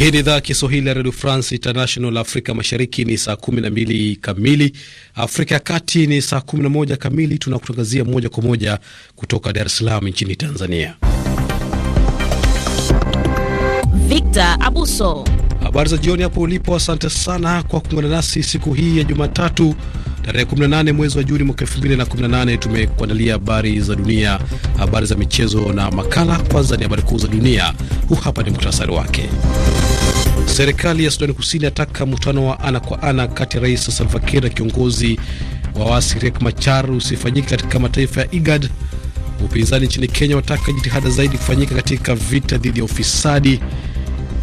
Hii ni idhaa Kiswahili ya redio France International. Afrika Mashariki ni saa 12 kamili, Afrika ya Kati ni saa 11 kamili. Tunakutangazia moja kwa moja kutoka Dar es Salaam nchini Tanzania. Victor Abuso, habari za jioni hapo ulipo. Asante sana kwa kuungana nasi siku hii ya Jumatatu tarehe 18 mwezi wa Juni mwaka 2018. Tumekuandalia habari za dunia, habari za michezo na makala. Kwanza ni habari kuu za dunia, huu hapa ni muhtasari wake. Serikali ya Sudani Kusini ataka mkutano wa ana kwa ana kati ya rais Salva Kiir na kiongozi wa waasi Riek Machar usifanyike katika mataifa ya IGAD. Upinzani nchini Kenya wataka jitihada zaidi kufanyika katika vita dhidi ya ufisadi.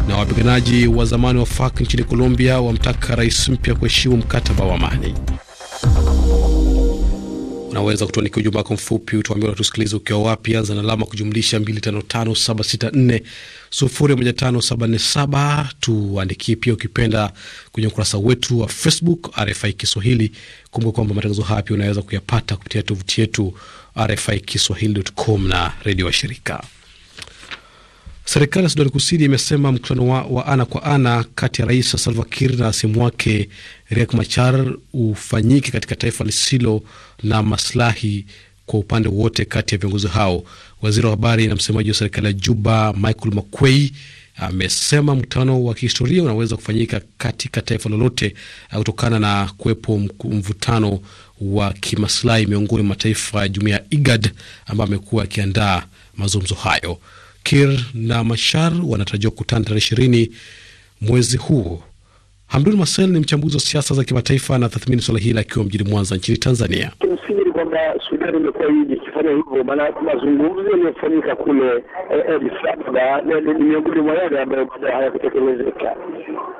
Na wapiganaji wa zamani wa FARC nchini Colombia wamtaka rais mpya kuheshimu mkataba wa amani. Unaweza kutuandikia ujumbe wako mfupi, utuambia unatusikiliza ukiwa wapi, anza na alama kujumlisha 255764015747. Tuandikie pia ukipenda kwenye ukurasa wetu wa Facebook RFI Kiswahili. Kumbuka kwamba matangazo haya pia unaweza kuyapata kupitia tovuti yetu RFI Kiswahili.com na redio wa shirika Serikali ya Sudani Kusini imesema mkutano wa, wa ana kwa ana kati ya rais Salva Kiir na simu wake Riek Machar ufanyike katika taifa lisilo la maslahi kwa upande wote kati ya viongozi hao. Waziri wa habari na msemaji wa serikali ya Juba Michael Makwei amesema mkutano wa kihistoria unaweza kufanyika katika taifa lolote uh, kutokana na kuwepo mvutano wa kimaslahi miongoni mwa mataifa ya jumuiya ya IGAD ambayo amekuwa akiandaa mazungumzo hayo. Kir na Mashar wanatarajiwa kukutana tarehe ishirini mwezi huu Hamdun masel ni mchambuzi wa siasa za kimataifa na tathmini swala hili akiwa mjini Mwanza nchini Tanzania. Kimsingi ni kwamba Sudani imekuwa ikifanya hivyo, maana mazungumzo yaliyofanyika kule eh, Addis Ababa ni miongoni mwa yale ambayo bado hayakutekelezeka.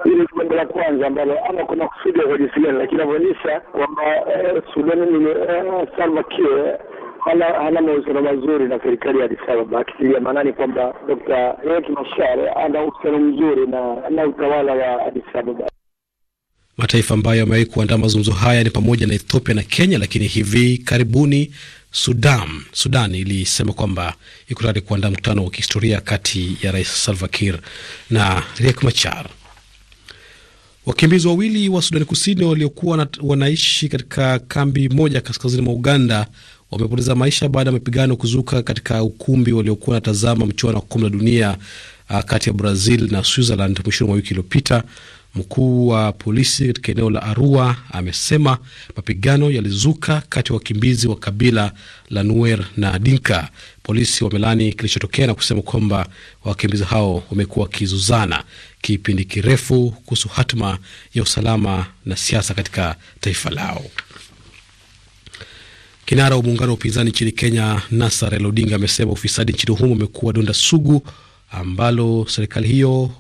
Hili ni jambo la kwanza ambalo ama kuna kusudia kwa jinsi gani, lakini inavyoonyesha kwamba eh, Sudani eh, Salva Kiir hana mahusiano mazuri na serikali ya Addis Ababa, akitilia maanani kwamba Dkt. Riek Machar ana uhusiano mzuri na utawala wa Addis Ababa. Mataifa ambayo yamewahi kuandaa mazungumzo haya ni pamoja na Ethiopia na Kenya, lakini hivi karibuni Sudan, Sudan ilisema kwamba iko tayari kuandaa mkutano wa kihistoria kati ya Rais Salva Kiir na Riek Machar. Wakimbizi wawili wa Sudani Kusini waliokuwa wanaishi katika kambi moja kaskazini mwa Uganda wamepoteza maisha baada ya mapigano kuzuka katika ukumbi waliokuwa wanatazama mchuano wa kombe la dunia ah, kati ya Brazil na Switzerland mwishoni mwa wiki iliyopita. Mkuu wa polisi katika eneo la Arua amesema mapigano yalizuka kati ya wakimbizi wa kabila la Nuer na Dinka. Polisi wamelani kilichotokea na kusema kwamba wakimbizi hao wamekuwa wakizuzana kipindi kirefu kuhusu hatima ya usalama na siasa katika taifa lao. Kinara wa muungano wa upinzani nchini Kenya, Nasar El Odinga, amesema ufisadi nchini humo umekuwa donda sugu ambalo serikali hiyo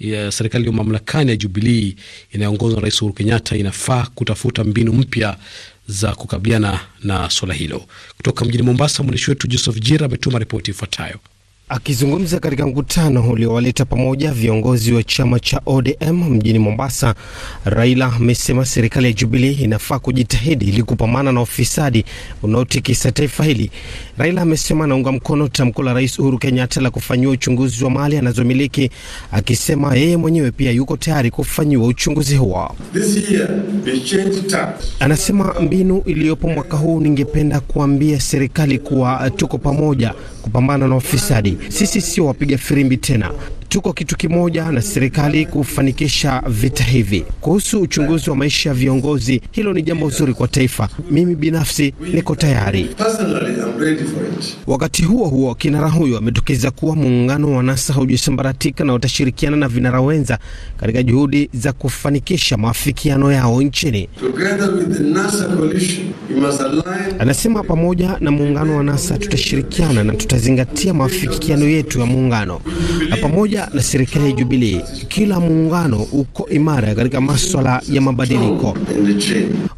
ya serikali ya mamlakani ya Jubilii inayoongozwa na Rais Uhuru Kenyatta inafaa kutafuta mbinu mpya za kukabiliana na swala hilo. Kutoka mjini Mombasa, mwandishi wetu Joseph Jira ametuma ripoti ifuatayo. Akizungumza katika mkutano uliowaleta pamoja viongozi wa chama cha ODM mjini Mombasa, Raila amesema serikali ya Jubilee inafaa kujitahidi ili kupambana na ufisadi unaotikisa taifa hili. Raila amesema anaunga mkono tamko la Rais Uhuru Kenyatta la kufanyiwa uchunguzi wa mali anazomiliki, akisema yeye mwenyewe pia yuko tayari kufanyiwa uchunguzi huo. Anasema mbinu iliyopo mwaka huu, ningependa kuambia serikali kuwa tuko pamoja kupambana na ufisadi. Sisi sio wapiga firimbi tena, tuko kitu kimoja na serikali kufanikisha vita hivi. Kuhusu uchunguzi wa maisha ya viongozi, hilo ni jambo zuri kwa taifa. Mimi binafsi niko tayari. Wakati huo huo, kinara huyo ametokeza kuwa muungano wa NASA haujasambaratika na utashirikiana na vinara wenza katika juhudi za kufanikisha maafikiano yao nchini. Anasema pamoja na muungano wa NASA tutashirikiana na tutazingatia maafikiano yetu ya muungano na pamoja na serikali ya Jubilee, kila muungano uko imara katika maswala ya mabadiliko.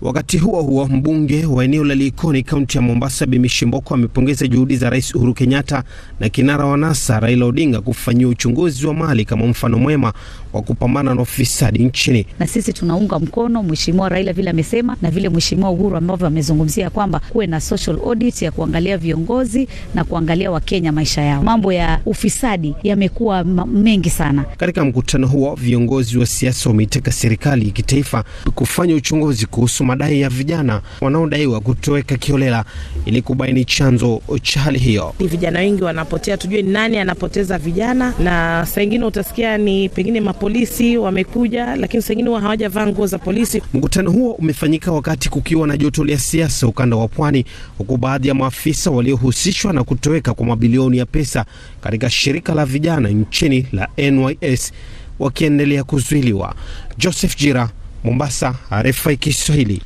Wakati huo huo, mbunge wa eneo la Likoni, kaunti ya Mombasa, Bimishimboko amepongeza juhudi za Rais Uhuru Kenyatta na kinara wa NASA Raila Odinga kufanyia uchunguzi wa Mali kama mfano mwema wa kupambana na ufisadi nchini. Na sisi tunaunga mkono mheshimiwa Raila vile amesema na vile mheshimiwa Uhuru ambavyo amezungumzia kwamba kuwe na social audit ya kuangalia viongozi na kuangalia Wakenya maisha yao. Mambo ya ufisadi yamekuwa mengi sana. Katika mkutano huo, viongozi wa siasa wameitaka serikali ya kitaifa kufanya uchunguzi kuhusu madai ya vijana wanaodaiwa kutoweka kiholela ili kubaini chanzo cha hali hiyo. Ni vijana wengi wanapotea, tujue ni nani anapoteza vijana, na saa ingine utasikia ni pengine mapolisi wamekuja, lakini saa ingine hawajavaa nguo za polisi. Mkutano huo umefanyika wakati kukiwa na joto la siasa ukanda wa pwani, huku baadhi ya maafisa waliohusishwa na kutoweka kwa mabilioni ya pesa katika shirika la vijana nchini gari la NYS wakiendelea kuzuiliwa. Joseph Jira, Mombasa, RFI Kiswahili.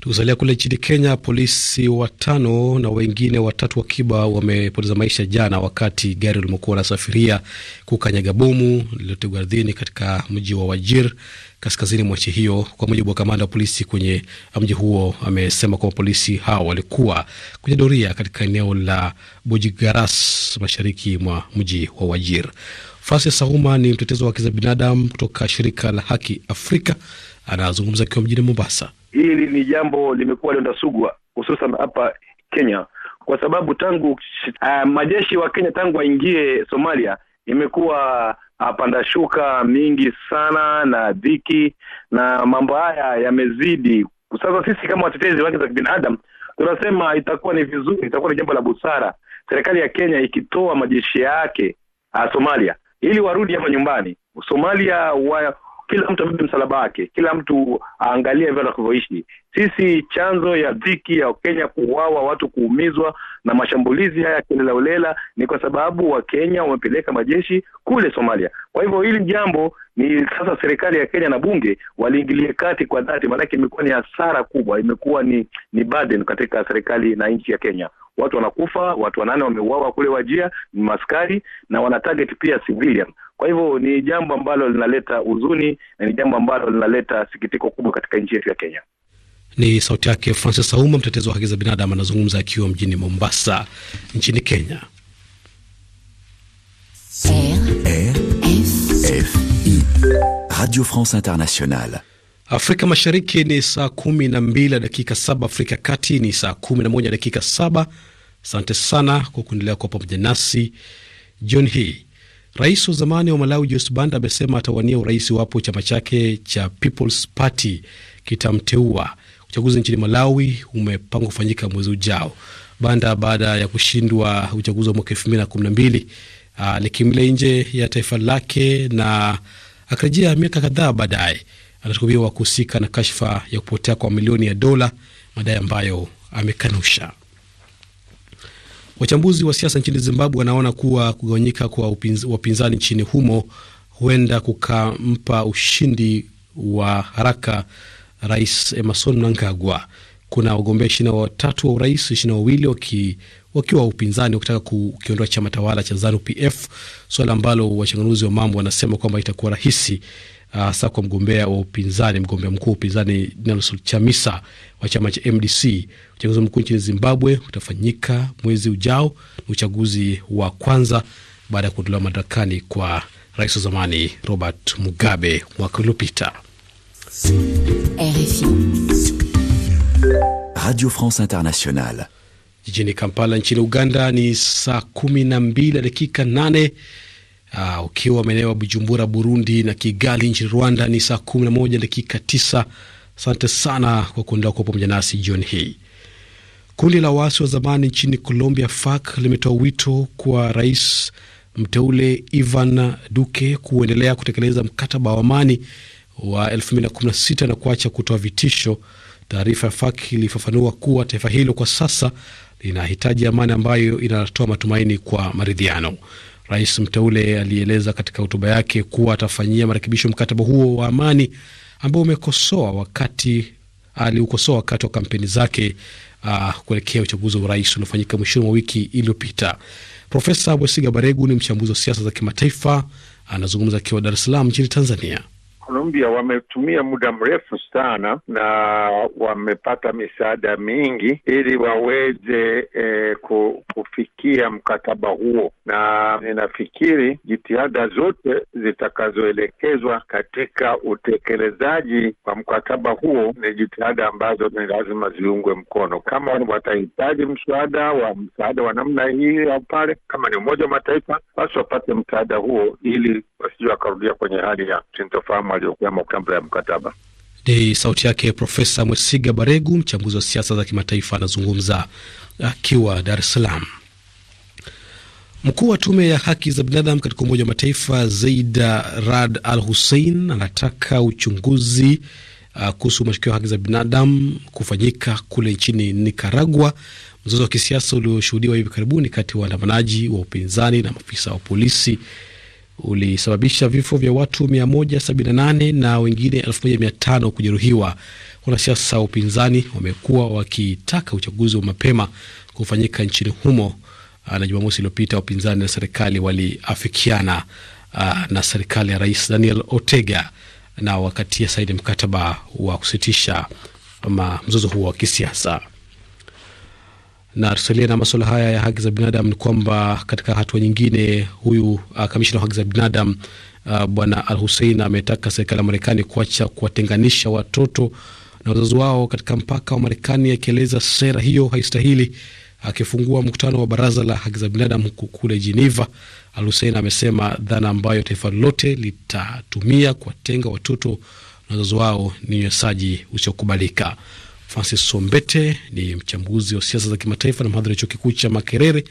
Tukisalia kule nchini Kenya, polisi watano na wengine watatu wakiba wamepoteza maisha jana wakati gari lilimokuwa wanasafiria kukanyaga bomu lililotegwa ardhini katika mji wa Wajir kaskazini mwa nchi hiyo. Kwa mujibu wa kamanda wa polisi kwenye mji huo, amesema kwamba polisi hao walikuwa kwenye doria katika eneo la Bujigaras mashariki mwa mji wa Wajir. Francis Sauma ni mtetezi wa haki za binadamu kutoka shirika la Haki Afrika, anazungumza akiwa mjini Mombasa. Hili ni jambo limekuwa liondasugwa hususan hapa Kenya kwa sababu tangu uh, majeshi wa Kenya tangu waingie Somalia imekuwa apanda ah, shuka mingi sana na dhiki na mambo haya yamezidi. Sasa sisi kama watetezi wa haki za kibinadamu tunasema itakuwa ni vizuri, itakuwa ni jambo la busara serikali ya Kenya ikitoa majeshi yake uh, Somalia ili warudi hapa nyumbani. Somalia wa, kila mtu abebe msalaba wake, kila mtu aangalie hivyo anavyoishi sisi chanzo ya dhiki ya kenya kuuawa, watu kuumizwa na mashambulizi haya kilelaulela ni kwa sababu Wakenya wamepeleka majeshi kule Somalia. Kwa hivyo hili jambo ni sasa serikali ya Kenya na bunge waliingilie kati kwa dhati, maanake imekuwa ni hasara kubwa, imekuwa ni ni burden katika serikali na nchi ya Kenya. Watu wanakufa, watu wanane wameuawa kule Wajia, ni maskari na wana target pia civilian. Kwa hivyo ni jambo ambalo linaleta huzuni na ni jambo ambalo linaleta sikitiko kubwa katika nchi yetu ya Kenya. Ni sauti yake Francis Auma, mtetezi wa haki za binadamu, anazungumza akiwa mjini Mombasa nchini Kenya. Radio France Internationale. Afrika Mashariki ni saa kumi na mbili na dakika saba. Afrika Kati ni saa kumi na moja dakika saba. Asante sana kwa kuendelea kuwa pamoja nasi jioni hii. Rais wa zamani wa Malawi Joyce Banda amesema atawania urais iwapo chama chake cha People's Party kitamteua. Uchaguzi nchini Malawi umepangwa kufanyika mwezi ujao. Banda baada ya kushindwa uchaguzi wa mwaka elfu mbili na kumi na mbili alikimbilia ah, nje ya taifa lake na akarejea miaka kadhaa baadaye. Anatuhumiwa kuhusika na kashfa ya kupotea kwa milioni ya dola, madai ambayo amekanusha. Wachambuzi wa siasa nchini Zimbabwe wanaona kuwa kugawanyika kwa wapinzani nchini humo huenda kukampa ushindi wa haraka Rais Emerson Mnangagwa. Kuna wagombea ishirini na watatu wa urais, ishirini na wawili wakiwa waki wa upinzani wakitaka kukiondoa chama tawala cha Zanu-PF, suala ambalo wachanganuzi wa mambo wanasema kwamba itakuwa rahisi ah, hasa kwa mgombea wa upinzani, mgombea mkuu wa upinzani Nelson Chamisa wa chama cha MDC. Uchaguzi mkuu nchini Zimbabwe utafanyika mwezi ujao, ni uchaguzi wa kwanza baada ya kuondolewa madarakani kwa rais wa zamani Robert Mugabe mwaka uliopita. RFI. Radio France Internationale. Jijini Kampala nchini Uganda ni saa kumi na mbili dakika nane uh, ukiwa maeneo ya Bujumbura Burundi na Kigali nchini Rwanda ni saa kumi na moja dakika tisa. Asante sana kwa kuendelea kuwa pamoja nasi jioni hii. Kundi la waasi wa zamani nchini Colombia, FARC, limetoa wito kwa rais mteule Ivan Duque kuendelea kutekeleza mkataba wa amani wa 2016 na kuacha kutoa vitisho. Taarifa ya FAK ilifafanua kuwa taifa hilo kwa sasa linahitaji amani ambayo inatoa matumaini kwa maridhiano. Rais mteule alieleza katika hotuba yake kuwa atafanyia marekebisho mkataba huo wa amani ambao umekosoa wakati aliukosoa wakati wa kampeni zake uh, kuelekea uchaguzi wa urais uliofanyika mwishoni mwa wiki iliyopita. Profesa Wesiga Baregu ni mchambuzi wa siasa za kimataifa, anazungumza akiwa Dar es Salaam nchini Tanzania. Colombia wametumia muda mrefu sana na wamepata misaada mingi ili waweze eh, kufikia mkataba huo, na ninafikiri jitihada zote zitakazoelekezwa katika utekelezaji wa mkataba huo ni jitihada ambazo ni lazima ziungwe mkono. Kama watahitaji msaada wa msaada wa namna hii au pale, kama ni Umoja wa Mataifa, basi wapate msaada huo ili wasije akarudia kwenye hali ya sintofahamu aliyokuwamo kabla ya mkataba. Ni sauti yake Profesa Mwesiga Baregu, mchambuzi wa siasa za kimataifa, anazungumza akiwa Dar es Salaam. Mkuu wa tume ya haki za binadamu katika Umoja wa Mataifa Zaid Rad Al Hussein anataka uchunguzi uh, kuhusu mashukio ya haki za binadamu kufanyika kule nchini Nikaragua. mzozo wa kisiasa ulioshuhudiwa hivi karibuni kati ya waandamanaji wa upinzani na maafisa wa polisi ulisababisha vifo vya watu 178 na wengine 1500 kujeruhiwa. Wanasiasa wa upinzani wamekuwa wakitaka uchaguzi wa mapema kufanyika nchini humo, ah, na Jumamosi iliyopita upinzani na serikali waliafikiana ah, na serikali ya Rais Daniel Ortega na wakatia saini mkataba wa kusitisha mzozo huo wa kisiasa na tusalie na maswala haya ya haki za binadamu, ni kwamba katika hatua nyingine, huyu uh, kamishina wa haki za binadamu uh, bwana Al Hussein ametaka serikali ya Marekani kuacha kuwatenganisha watoto na wazazi wao katika mpaka wa Marekani, akieleza sera hiyo haistahili. Akifungua mkutano wa baraza la haki za binadamu huku kule Geneva, Al Hussein amesema dhana ambayo taifa lolote litatumia kuwatenga watoto na wazazi wao ni unyanyasaji usiokubalika. Francis Sombete ni mchambuzi wa siasa za kimataifa na mhadhiri wa chuo kikuu cha Makerere.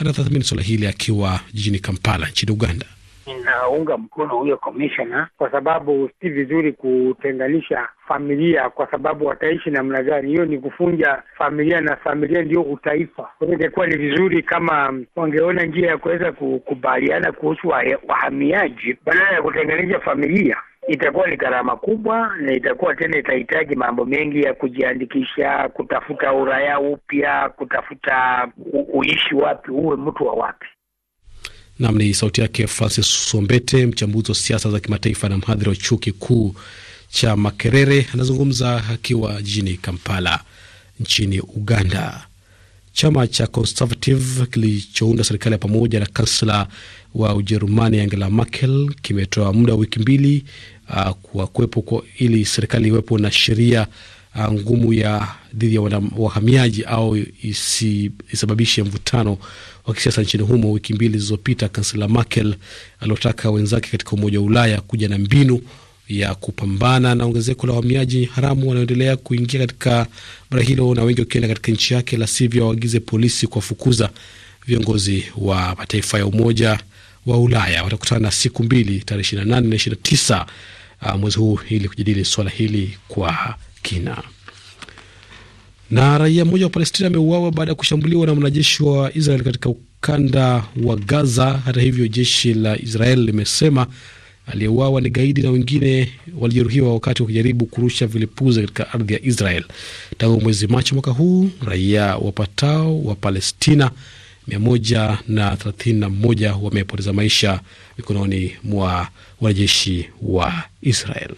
Anatathmini swala hili akiwa jijini Kampala nchini Uganda. Ninaunga mkono huyo komishona kwa sababu si vizuri kutenganisha familia, kwa sababu wataishi namna gani? Hiyo ni kufunja familia, na familia ndio utaifa. Ingekuwa ni vizuri kama wangeona njia ya kuweza kukubaliana kuhusu wahamiaji badala ya kutenganisha familia itakuwa ni gharama kubwa, na itakuwa tena itahitaji mambo mengi ya kujiandikisha, kutafuta uraia upya, kutafuta uishi wapi, uwe mtu wa wapi. Nam ni sauti yake Francis Sombete, mchambuzi wa siasa za kimataifa na mhadhiri wa chuo kikuu cha Makerere, anazungumza akiwa jijini Kampala nchini Uganda. Chama cha Conservative kilichounda serikali ya pamoja na kansela wa Ujerumani Angela Merkel kimetoa muda wa wiki mbili uh, kwa kuwepo kwa ili serikali iwepo na sheria uh, ngumu ya dhidi ya wahamiaji au isi, isababishe mvutano wa kisiasa nchini humo. Wiki mbili zilizopita, kansela Merkel aliotaka wenzake katika Umoja wa Ulaya kuja na mbinu ya kupambana na ongezeko la wahamiaji haramu wanaoendelea kuingia katika bara hilo na wengi wakienda katika nchi yake, la sivyo waagize polisi kuwafukuza. Viongozi wa mataifa ya Umoja wa Ulaya watakutana siku mbili, tarehe 28 na 29 uh, ah, mwezi huu ili kujadili swala hili kwa kina. Na raia mmoja wa Palestina ameuawa baada ya kushambuliwa na mwanajeshi wa Israel katika ukanda wa Gaza. Hata hivyo, jeshi la Israel limesema aliyeuawa ni gaidi na wengine walijeruhiwa wakati wakijaribu kurusha vilipuzi katika ardhi ya Israel. Tangu mwezi Machi mwaka huu raia wapatao wa Palestina 131 wamepoteza maisha mikononi mwa wanajeshi wa Israel.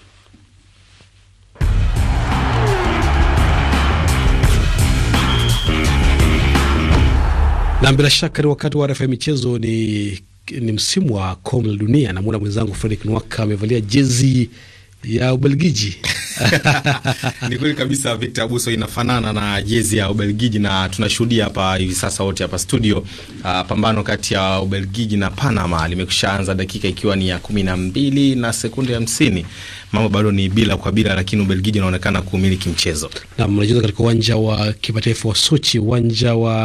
Na bila shaka ni wakati wa refa ya michezo. Ni, ni msimu wa kombe la dunia. Namwona mwenzangu Fredrik Nwaka amevalia jezi ya Ubelgiji. Ni kweli kabisa, Victor Abuso, inafanana na jezi ya Ubelgiji, na tunashuhudia hapa hivi sasa wote hapa studio uh, pambano kati ya Ubelgiji na Panama anza dakika ikiwa ni ya kumi na mbili na sekunde hamsini. Mambo bado ni bila kwa bila, lakini Ubelgiji inaonekana kumiliki mchezo. nam unacheza katika uwanja wa kimataifa wa Sochi, uwanja wa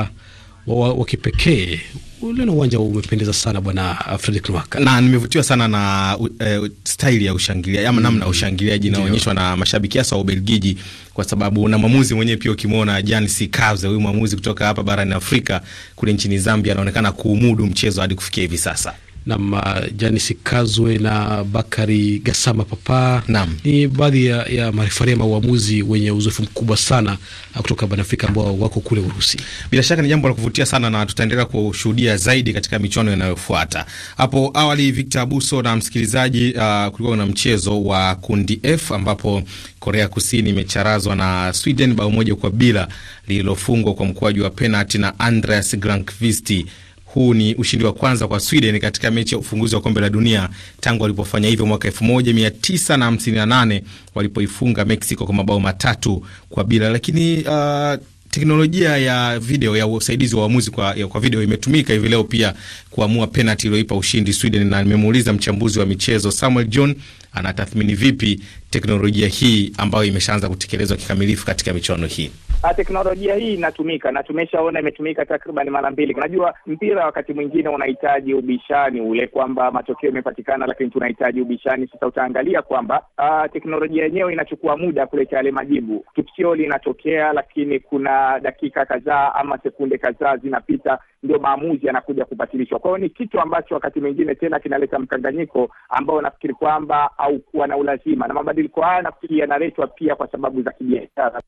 wa, wa, wa kipekee ule na uwanja umependeza sana bwana Fredrick Nwaka, na nimevutiwa sana na uh, uh, eh, staili ya ushangilia ama mm. namna mm, ushangiliaji inaonyeshwa na mashabiki hasa wa Ubelgiji, kwa sababu na mwamuzi mwenyewe pia ukimwona Jansi Kaze, huyu mwamuzi kutoka hapa barani Afrika kule nchini Zambia, anaonekana kuumudu mchezo hadi kufikia hivi sasa na Janis Kazwe na Bakari Gasama Papa Naam. Ni baadhi ya, ya marefaria mauamuzi wenye uzoefu mkubwa sana uh, kutoka barani Afrika ambao wako kule Urusi. Bila shaka ni jambo la kuvutia sana na tutaendelea kushuhudia zaidi katika michuano inayofuata. Hapo awali, Victor Abuso na msikilizaji, uh, kulikuwa na mchezo wa kundi F ambapo Korea Kusini imecharazwa na Sweden bao moja kwa bila lililofungwa kwa mkwaju wa penalti na Andreas Grankvist huu ni ushindi wa kwanza kwa Sweden katika mechi ya ufunguzi wa kombe la dunia tangu walipofanya hivyo mwaka 1958 walipoifunga Mexico kwa mabao matatu kwa bila. Lakini uh, teknolojia ya video ya usaidizi wa uamuzi kwa, kwa video imetumika hivi leo pia kuamua penalti iliyoipa ushindi Sweden, na nimemuuliza mchambuzi wa michezo Samuel John anatathmini vipi teknolojia hii ambayo imeshaanza kutekelezwa kikamilifu katika michuano hii? Ah, teknolojia hii inatumika na tumeshaona imetumika takriban mara mbili. Unajua, mpira wakati mwingine unahitaji ubishani ule, kwamba matokeo yamepatikana, lakini tunahitaji ubishani. Sasa utaangalia kwamba ah, teknolojia yenyewe inachukua muda kuleta yale majibu. Tukio linatokea, lakini kuna dakika kadhaa ama sekunde kadhaa zinapita, ndio maamuzi yanakuja kubatilishwa. Kwa hiyo ni kitu ambacho wakati mwingine tena kinaleta mkanganyiko ambao nafikiri kwamba haukuwa na ulazima na mabadiliko haya nafikiri yanaletwa pia kwa sababu za kibiashara.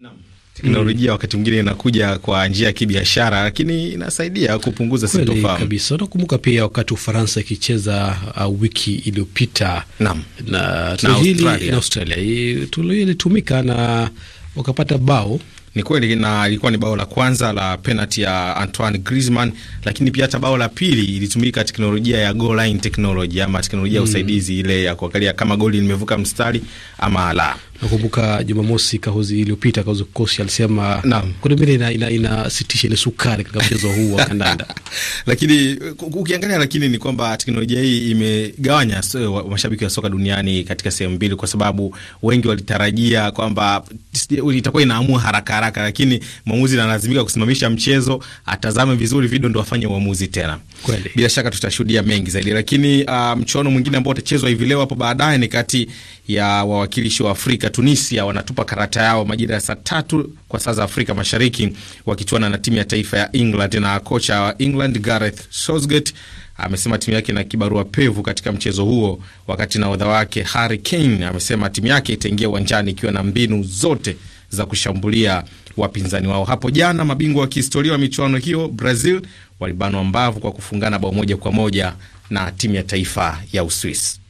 Naam, teknolojia hmm, wakati mwingine inakuja kwa njia ya kibiashara, lakini inasaidia kupunguza sintofahamu kabisa. Unakumbuka pia wakati Ufaransa ikicheza uh, wiki iliyopita na, na, na Australia, Australia. Ilitumika na wakapata bao ni kweli na ilikuwa ni bao la kwanza la penalty ya Antoine Griezmann, lakini pia hata bao la pili ilitumika teknolojia ya goal line technology ama teknolojia ya mm, usaidizi ile ya kuangalia kama goli limevuka mstari ama la. Nakumbuka Jumamosi kahozi iliyopita kahozi kosi alisema kuna mbili inasitisha ina, ina ile sukari katika mchezo huu wa kandanda lakini ukiangalia, lakini ni kwamba teknolojia hii imegawanya so, mashabiki wa soka duniani katika sehemu mbili, kwa sababu wengi walitarajia kwamba itakuwa inaamua haraka haraka, lakini mwamuzi analazimika kusimamisha mchezo, atazame vizuri video ndo afanye uamuzi tena. Kweli bila shaka tutashuhudia mengi zaidi, lakini uh, mchuano mwingine ambao utachezwa hivi leo hapo baadaye ni kati ya wawakilishi wa Afrika Tunisia wanatupa karata yao majira ya saa tatu kwa saa za Afrika Mashariki, wakichuana na timu ya taifa ya England. Na kocha wa England Gareth Southgate amesema timu yake ina kibarua pevu katika mchezo huo, wakati nahodha wake Harry Kane amesema timu yake itaingia uwanjani ikiwa na mbinu zote za kushambulia wapinzani wao. Hapo jana mabingwa wa kihistoria wa michuano hiyo Brazil walibanwa mbavu kwa kufungana bao moja kwa moja na timu ya taifa ya Uswisi.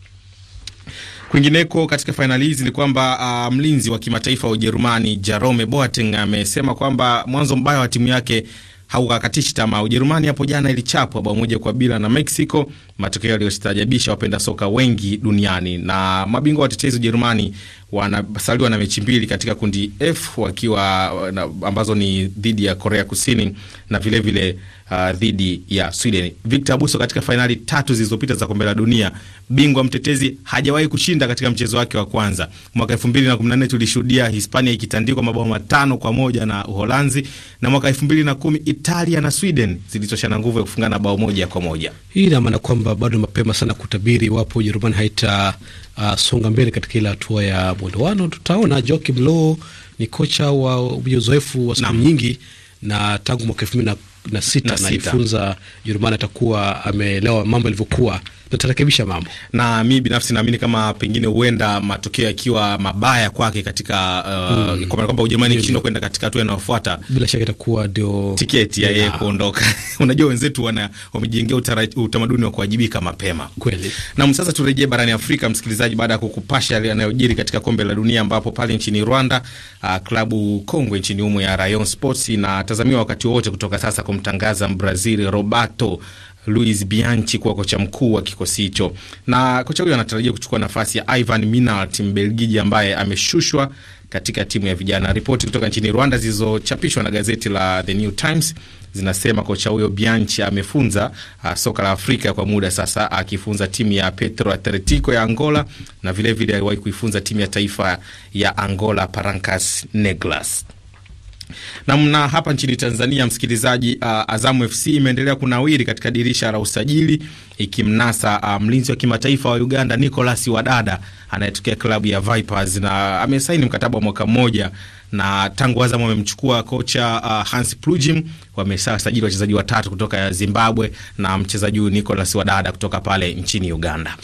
Kwingineko katika fainali hizi ni kwamba uh, mlinzi wa kimataifa wa Ujerumani Jerome Boateng amesema kwamba mwanzo mbaya wa timu yake haukakatishi tamaa. Ujerumani hapo jana ilichapwa bao moja kwa bila na Mexico, matokeo yaliyostajabisha wapenda soka wengi duniani. Na mabingwa watetezi Ujerumani wanasaliwa na mechi mbili katika kundi F wakiwa na, ambazo ni dhidi ya Korea Kusini na vilevile vile, uh, dhidi ya Sweden. Victor Buso katika fainali tatu zilizopita za kombe la dunia, bingwa mtetezi hajawahi kushinda katika mchezo wake wa kwanza. Mwaka elfu mbili na na kumi nne tulishuhudia Hispania ikitandikwa mabao matano kwa moja na Uholanzi, na mwaka elfu mbili na kumi Italia na Sweden zilitoshana nguvu ya kufungana bao moja kwa moja. Hii ina maana kwamba bado mapema sana kutabiri iwapo Ujerumani haita uh, songa mbele katika ile hatua ya mwelewano. Tutaona Joakim Low ni kocha wa uzoefu wa siku nyingi na tangu mwaka elfu mbili na sita anaifunza Ujerumani, atakuwa ameelewa mambo yalivyokuwa tutarekebisha mambo. Na mi binafsi naamini kama pengine huenda matokeo yakiwa mabaya kwake katika uh, mm. kwa maana kwamba Ujerumani ikishindwa kwenda katika hatua inayofuata, bila shaka itakuwa ndio tiketi ya yeye kuondoka. Unajua wenzetu wana wamejengea utamaduni wa kuwajibika mapema kweli. Na sasa turejee barani Afrika, msikilizaji, baada ya kukupasha yale yanayojiri katika kombe la dunia, ambapo pale nchini Rwanda uh, klabu kongwe nchini humo ya Rayon Sports inatazamiwa wakati wote kutoka sasa kumtangaza Mbrazil Roberto Luis Bianchi kuwa kocha mkuu wa kikosi hicho, na kocha huyo anatarajia kuchukua nafasi ya Ivan Minart Mbelgiji ambaye ameshushwa katika timu ya vijana. Ripoti kutoka nchini Rwanda zilizochapishwa na gazeti la The New Times zinasema kocha huyo Bianchi amefunza uh, soka la Afrika kwa muda sasa, akifunza timu ya Petro Atletico ya Angola na vilevile aliwahi kuifunza timu ya taifa ya Angola Parancas Negras. Namna hapa nchini Tanzania, msikilizaji, uh, Azamu FC imeendelea kunawiri katika dirisha la usajili ikimnasa uh, mlinzi wa kimataifa wa Uganda Nicolas Wadada anayetokea klabu ya Vipers na amesaini mkataba wa mwaka mmoja na tangu Azamu wamemchukua kocha uh, Hans Plujim, wamesajili wachezaji watatu kutoka Zimbabwe na mchezaji huyu Nicolas Wadada kutoka pale nchini Uganda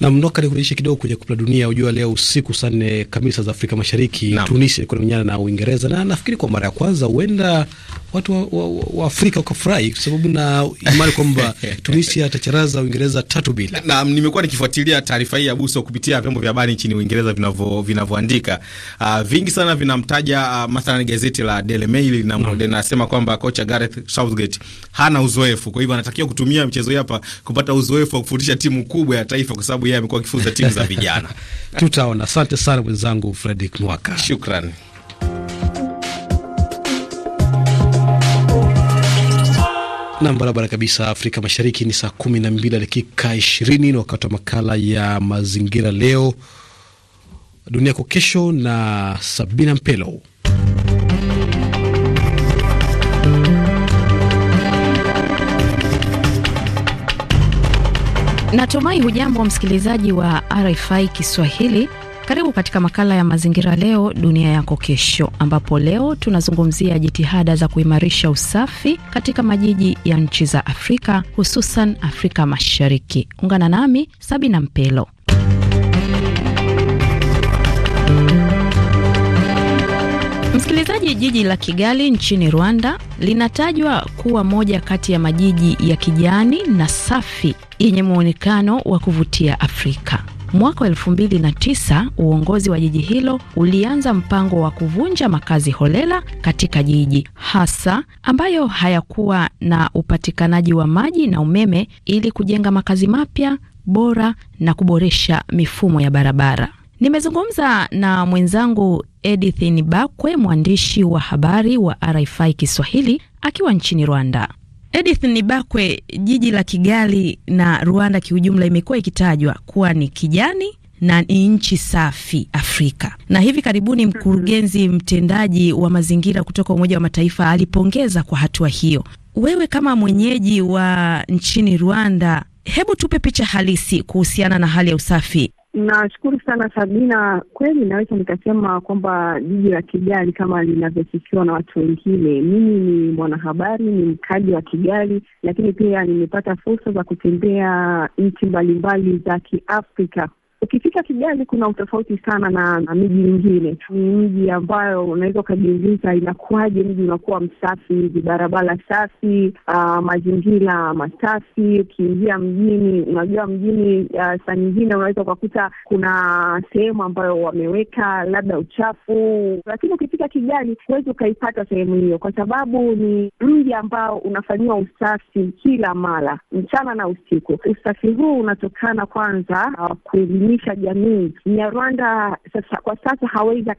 na mnoka nikurejeshe kidogo kwenye kupla Dunia. Ujua leo usiku saa nne kamili saa za Afrika Mashariki na Tunisia kuna menyana na Uingereza, na nafikiri kwa mara ya kwanza huenda watu wa, wa, wa Afrika wakafurahi kwa sababu na imani kwamba Tunisia atacharaza Uingereza tatu bila. Na nimekuwa nikifuatilia taarifa hii ya Buso kupitia vyombo vya habari nchini Uingereza vinavyo vinavyoandika uh, vingi sana vinamtaja uh, mathalan gazeti la Daily Mail na linasema na kwamba kocha Gareth Southgate hana uzoefu, kwa hivyo anatakiwa kutumia mchezo hapa kupata uzoefu wa kufundisha timu kubwa ya taifa kwa sababu sababu yeye amekuwa akifunza timu za vijana. Tutaona. Asante sana mwenzangu Fredrick Mwaka, shukran. Nam, barabara kabisa. Afrika Mashariki ni saa kumi na mbili dakika ishirini na wakati wa makala ya mazingira, leo dunia kwa kesho, na Sabina Mpelo. Natumai hujambo msikilizaji wa RFI Kiswahili. Karibu katika makala ya mazingira leo dunia yako kesho, ambapo leo tunazungumzia jitihada za kuimarisha usafi katika majiji ya nchi za Afrika, hususan Afrika Mashariki. Ungana nami Sabina Mpelo. Msikilizaji, jiji la Kigali nchini Rwanda linatajwa kuwa moja kati ya majiji ya kijani na safi yenye mwonekano wa kuvutia Afrika. Mwaka wa elfu mbili na tisa uongozi wa jiji hilo ulianza mpango wa kuvunja makazi holela katika jiji hasa ambayo hayakuwa na upatikanaji wa maji na umeme ili kujenga makazi mapya bora na kuboresha mifumo ya barabara. Nimezungumza na mwenzangu Edith Nibakwe, mwandishi wa habari wa RFI Kiswahili akiwa nchini Rwanda. Edith Nibakwe, jiji la Kigali na Rwanda kiujumla imekuwa ikitajwa kuwa ni kijani na ni nchi safi Afrika, na hivi karibuni mkurugenzi mtendaji wa mazingira kutoka Umoja wa Mataifa alipongeza kwa hatua hiyo. Wewe kama mwenyeji wa nchini Rwanda, hebu tupe picha halisi kuhusiana na hali ya usafi Nashukuru sana Sabina. Kweli naweza nikasema kwamba jiji la Kigali kama linavyosikiwa na watu wengine, mimi ni mwanahabari, ni mkaji wa Kigali, lakini pia nimepata fursa za kutembea nchi mbalimbali za Kiafrika Ukifika Kigali kuna utofauti sana na, na miji mingine. Ni mji ambayo unaweza ukajiuliza inakuwaje mji unakuwa msafi hivi, barabara safi, uh, mazingira masafi. Ukiingia mjini, unajua mjini, uh, saa nyingine unaweza ukakuta kuna sehemu ambayo wameweka labda uchafu, lakini ukifika Kigali huwezi ukaipata sehemu hiyo, kwa sababu ni mji ambao unafanyiwa usafi kila mara, mchana na usiku. Usafi huu unatokana kwanza uh, kuelimisha jamii. Mnyarwanda sasa, kwa sasa hawezi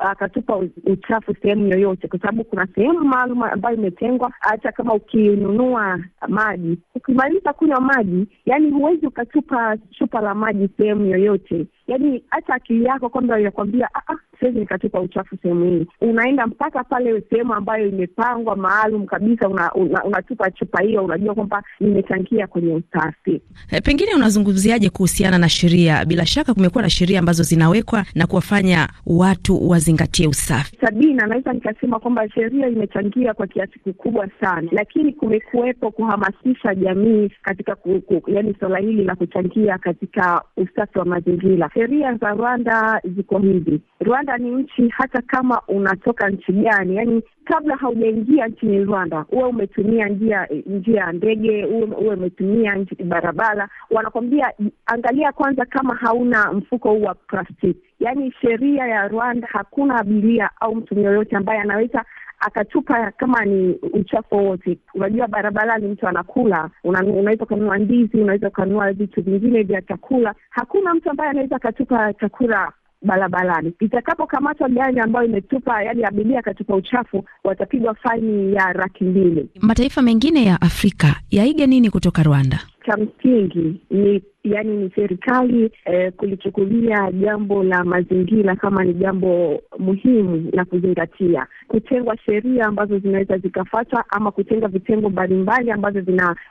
akatupa uchafu sehemu yoyote, kwa sababu kuna sehemu maalum ambayo imetengwa. Hata kama ukinunua maji, ukimaliza kunywa maji, yani huwezi ukatupa chupa la maji sehemu yoyote, yani hata akili yako kwamba inakwambia ah, ah, siwezi nikatupa uchafu sehemu hii. Unaenda mpaka pale sehemu ambayo imepangwa maalum kabisa, unatupa una, una chupa hiyo, unajua kwamba nimechangia kwenye usafi. E, pengine unazungumziaje kuhusiana na sheria? Bila shaka kumekuwa na sheria ambazo zinawekwa na kuwafanya watu wazingatie usafi. Sabina, naweza nikasema kwamba sheria imechangia kwa kiasi kikubwa sana, lakini kumekuwepo kuhamasisha jamii katika kuku, yani swala hili la kuchangia katika usafi wa mazingira. Sheria za Rwanda ziko hivi Rwanda Rwanda ni nchi, hata kama unatoka nchi gani, yani kabla haujaingia nchini Rwanda uwe umetumia njia njia ya ndege, uwe umetumia barabara, wanakwambia angalia kwanza kama hauna mfuko huu wa plastiki. Yani sheria ya Rwanda, hakuna abiria au mtu yoyote ambaye anaweza akatupa kama ni uchafu wowote. Unajua, barabarani mtu anakula, unaweza ukanunua ndizi, unaweza ukanunua vitu vingine vya chakula. Hakuna mtu ambaye anaweza akatupa chakula barabarani. Itakapokamatwa gari ambayo imetupa, yani abilia akatupa uchafu, watapigwa faini ya laki mbili. Mataifa mengine ya Afrika yaiga nini kutoka Rwanda? Cha msingi ni yani ni serikali eh, kulichukulia jambo la mazingira kama ni jambo muhimu la kuzingatia, kutengwa sheria ambazo zinaweza zikafuata ama kutenga vitengo mbalimbali ambavyo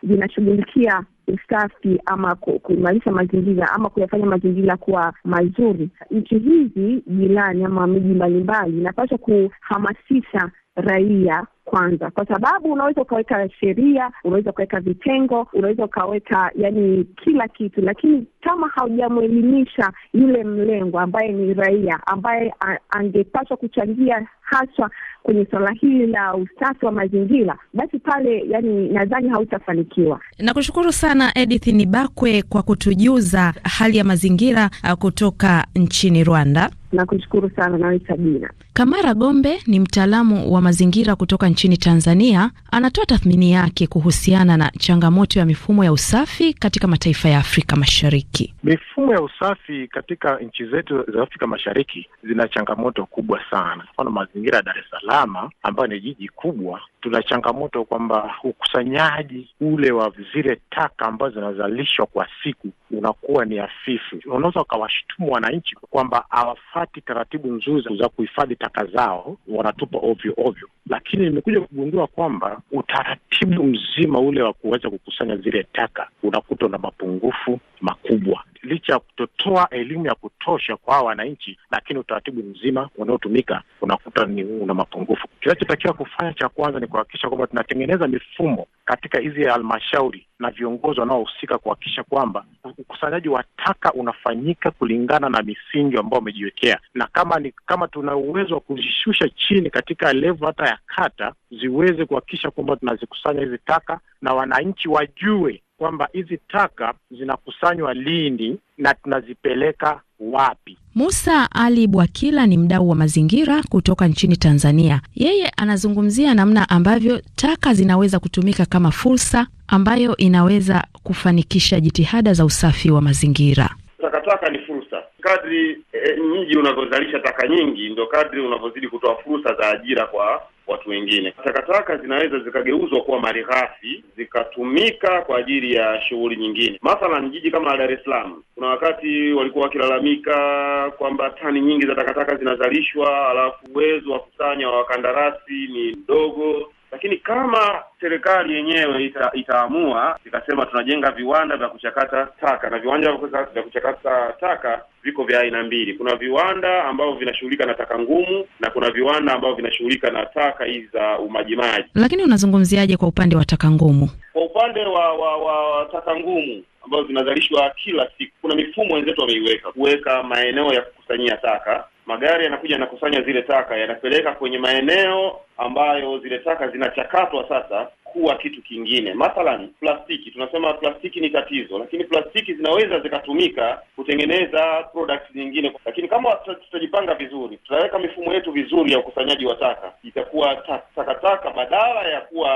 vinashughulikia usafi ama kuimarisha mazingira ama kuyafanya mazingira kuwa mazuri. Nchi hizi jirani ama miji mbalimbali inapaswa kuhamasisha raia kwanza, kwa sababu unaweza ukaweka sheria, unaweza ukaweka vitengo, unaweza ukaweka yani kila kitu, lakini kama haujamwelimisha yule mlengwa ambaye ni raia ambaye angepaswa kuchangia haswa kwenye suala hili la usafi wa mazingira, basi pale, yani, nadhani hautafanikiwa. Nakushukuru sana Edith Nibakwe kwa kutujuza hali ya mazingira uh, kutoka nchini Rwanda. Nakushukuru sana nawe Sabina. Kamara Gombe ni mtaalamu wa mazingira kutoka nchini Tanzania, anatoa tathmini yake kuhusiana na changamoto ya mifumo ya usafi katika mataifa ya Afrika Mashariki. Mifumo ya usafi katika nchi zetu za Afrika Mashariki zina changamoto kubwa sana, mfano mazingira mazingira ya Dar es Salaam ambayo ni jiji kubwa, tuna changamoto kwamba ukusanyaji ule wa zile taka ambazo zinazalishwa kwa siku unakuwa ni hafifu. Unaweza ukawashutumu wananchi kwamba hawafati taratibu nzuri za kuhifadhi taka zao, wanatupa ovyo ovyo, lakini nimekuja kugundua kwamba utaratibu mzima ule wa kuweza kukusanya zile taka unakuta na mapungufu makubwa licha ya kutotoa elimu ya kutosha kwa hawa wananchi, lakini utaratibu mzima unaotumika unakuta ni una mapungufu. Kinachotakiwa kufanya cha kwanza ni kuhakikisha kwamba tunatengeneza mifumo katika hizi halmashauri na viongozi wanaohusika kuhakikisha kwamba ukusanyaji wa taka unafanyika kulingana na misingi ambayo wamejiwekea, na kama ni kama tuna uwezo wa kuzishusha chini katika levo hata ya kata, ziweze kuhakikisha kwamba tunazikusanya hizi taka na wananchi wajue kwamba hizi taka zinakusanywa lini na tunazipeleka wapi? Musa Ali Bwakila ni mdau wa mazingira kutoka nchini Tanzania. Yeye anazungumzia namna ambavyo taka zinaweza kutumika kama fursa ambayo inaweza kufanikisha jitihada za usafi wa mazingira. Takataka ni fursa. Kadri e, mji unavyozalisha taka nyingi, ndo kadri unavyozidi kutoa fursa za ajira kwa watu wengine. Takataka zinaweza zikageuzwa kuwa malighafi zikatumika kwa ajili ya shughuli nyingine. Mathalan, jiji kama la Dar es Salaam, kuna wakati walikuwa wakilalamika kwamba tani nyingi za takataka zinazalishwa, alafu uwezo wa kusanya wa wakandarasi ni mdogo lakini kama serikali yenyewe ita, itaamua ikasema tunajenga viwanda vya kuchakata taka, na viwanda vya kuchakata taka viko vya aina mbili. Kuna viwanda ambavyo vinashughulika na taka ngumu na kuna viwanda ambavyo vinashughulika na taka hizi za umajimaji. Lakini unazungumziaje kwa upande wa taka ngumu? Kwa upande wa, wa, wa taka ngumu ambazo zinazalishwa kila siku, kuna mifumo wenzetu wameiweka kuweka maeneo ya kukusanyia taka magari yanakuja yanakusanya zile taka, yanapeleka kwenye maeneo ambayo zile taka zinachakatwa sasa kuwa kitu kingine. Mathalan, plastiki. Tunasema plastiki ni tatizo, lakini plastiki zinaweza zikatumika kutengeneza products nyingine, lakini kama tutajipanga vizuri, tutaweka mifumo yetu vizuri ya ukusanyaji wa taka, itakuwa takataka badala ya kuwa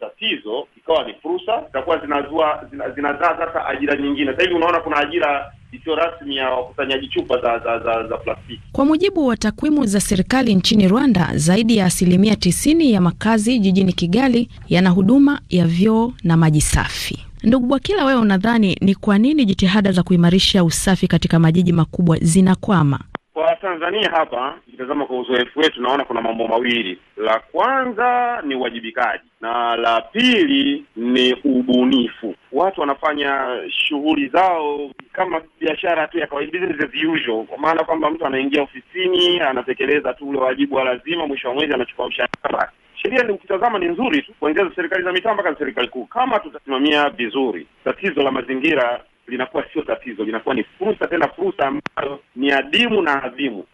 tatizo ikawa ni fursa, itakuwa zinazua zinazaa sasa ajira nyingine. Sasa hivi unaona kuna ajira isiyo rasmi ya wakusanyaji chupa za, za, za, za plastiki. Kwa mujibu wa takwimu za serikali nchini Rwanda, zaidi ya asilimia tisini ya makazi jijini Kigali yana huduma ya vyoo na maji safi. Ndugu Bwakila, wewe unadhani ni kwa nini jitihada za kuimarisha usafi katika majiji makubwa zinakwama? Kwa Tanzania hapa, ukitazama kwa uzoefu wetu, naona kuna mambo mawili. La kwanza ni uwajibikaji na la pili ni ubunifu. Watu wanafanya shughuli zao kama biashara tu ya kawaida, business as usual, kwa maana kwamba mtu anaingia ofisini, anatekeleza tu ule wajibu wa lazima, mwisho wa mwezi anachukua mshahara. Sheria ni ukitazama ni nzuri tu, kuanzia serikali za mitaa mpaka serikali kuu. Kama tutasimamia vizuri, tatizo la mazingira linakuwa sio tatizo, linakuwa ni fursa, tena fursa ambayo ni adimu na adhimu.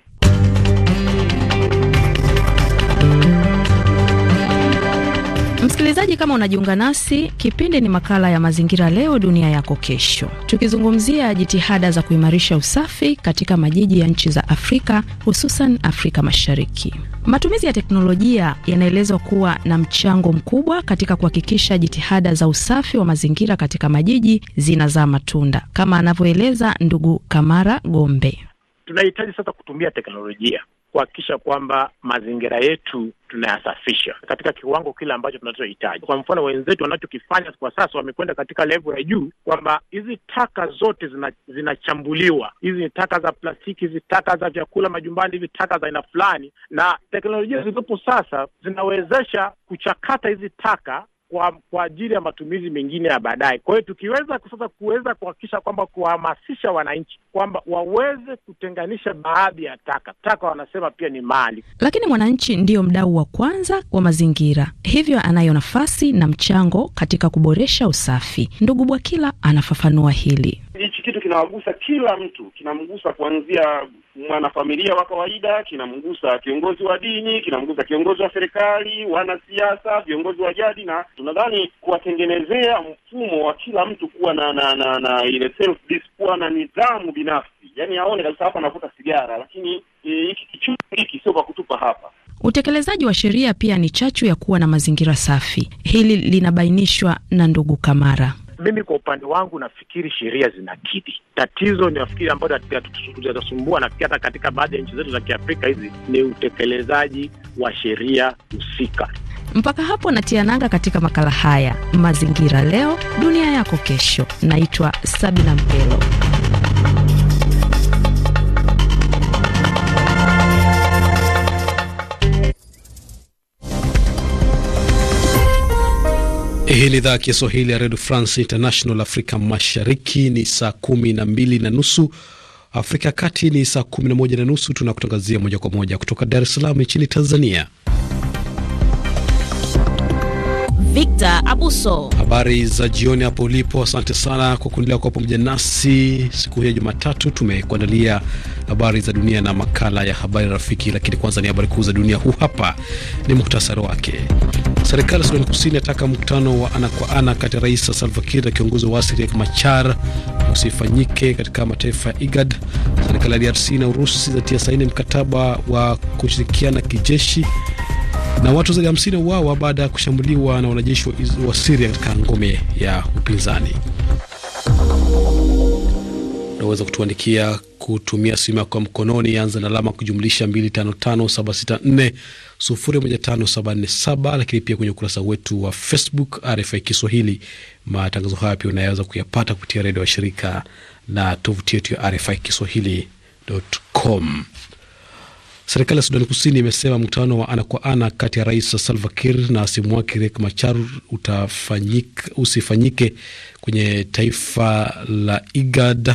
Msikilizaji, kama unajiunga nasi, kipindi ni makala ya mazingira, leo dunia yako kesho, tukizungumzia jitihada za kuimarisha usafi katika majiji ya nchi za Afrika, hususan Afrika Mashariki. Matumizi ya teknolojia yanaelezwa kuwa na mchango mkubwa katika kuhakikisha jitihada za usafi wa mazingira katika majiji zinazaa matunda, kama anavyoeleza ndugu Kamara Gombe. Tunahitaji sasa kutumia teknolojia kuhakikisha kwamba mazingira yetu tunayasafisha katika kiwango kile ambacho tunachohitaji. Kwa mfano, wenzetu wanachokifanya kwa sasa, wamekwenda katika levu ya juu kwamba hizi taka zote zina, zinachambuliwa. Hizi ni taka za plastiki, hizi taka za vyakula majumbani, hizi taka za aina fulani, na teknolojia zilizopo sasa zinawezesha kuchakata hizi taka kwa kwa ajili ya matumizi mengine ya baadaye. Kwa hiyo tukiweza sasa kuweza kuhakikisha kwamba kuwahamasisha wananchi kwamba waweze kutenganisha baadhi ya taka, taka wanasema pia ni mali, lakini mwananchi ndiyo mdau wa kwanza wa mazingira, hivyo anayo nafasi na mchango katika kuboresha usafi. Ndugu Bwakila anafafanua hili. Hichi kitu kinawagusa kila mtu, kinamgusa kuanzia mwanafamilia wa kawaida, kinamgusa kiongozi wa dini, kinamgusa kiongozi wa serikali, wanasiasa, viongozi wa jadi, na tunadhani kuwatengenezea mfumo wa kila mtu kuwa na na na, na ile self kuwa na nidhamu binafsi, yani aone kabisa hapa anavuta sigara, lakini eh, hiki kichu hiki sio kwa kutupa hapa. Utekelezaji wa sheria pia ni chachu ya kuwa na mazingira safi. Hili linabainishwa na ndugu Kamara mimi kwa upande wangu nafikiri sheria zinakidhi tatizo. ni Nafikiri ambayo atatusumbua, nafikiri hata katika baadhi ya nchi zetu za Kiafrika hizi ni utekelezaji wa sheria husika. Mpaka hapo natia nanga katika makala haya Mazingira Leo, Dunia Yako Kesho. Naitwa Sabina Mpelo. Hii ni idhaa ya Kiswahili ya redio France International. Afrika Mashariki ni saa kumi na mbili na nusu, Afrika ya Kati ni saa kumi na moja na nusu. Tunakutangazia moja kwa moja kutoka Dar es Salaam nchini Tanzania. Victor Abuso. Habari za jioni hapo ulipo, asante sana kwa kuendelea kuwa pamoja nasi siku hii ya Jumatatu. Tumekuandalia habari za dunia na makala ya habari rafiki, lakini kwanza ni habari kuu za dunia. Huu hapa ni muhtasari wake. Serikali ya Sudani Kusini ataka mkutano wa ana kwa ana kati ya Rais Salva Kiir na kiongozi wa waasi Riek Machar usifanyike katika mataifa ya IGAD. Serikali ya DRC na Urusi zatia saini mkataba wa kushirikiana kijeshi na watu zaidi ya 50 wauawa baada ya kushambuliwa na wanajeshi wa Syria katika ngome ya upinzani. Unaweza kutuandikia kutumia simu yako kwa mkononi, anza na alama kujumlisha 255764015747, lakini pia kwenye ukurasa wetu wa Facebook RFI Kiswahili. Matangazo haya pia unaweza kuyapata kupitia redio ya shirika na tovuti yetu ya RFI Kiswahili.com. Serikali ya Sudan Kusini imesema mkutano wa ana kwa ana kati ya Rais Salva Kiir na simu wake Riek Machar usifanyike kwenye taifa la IGAD.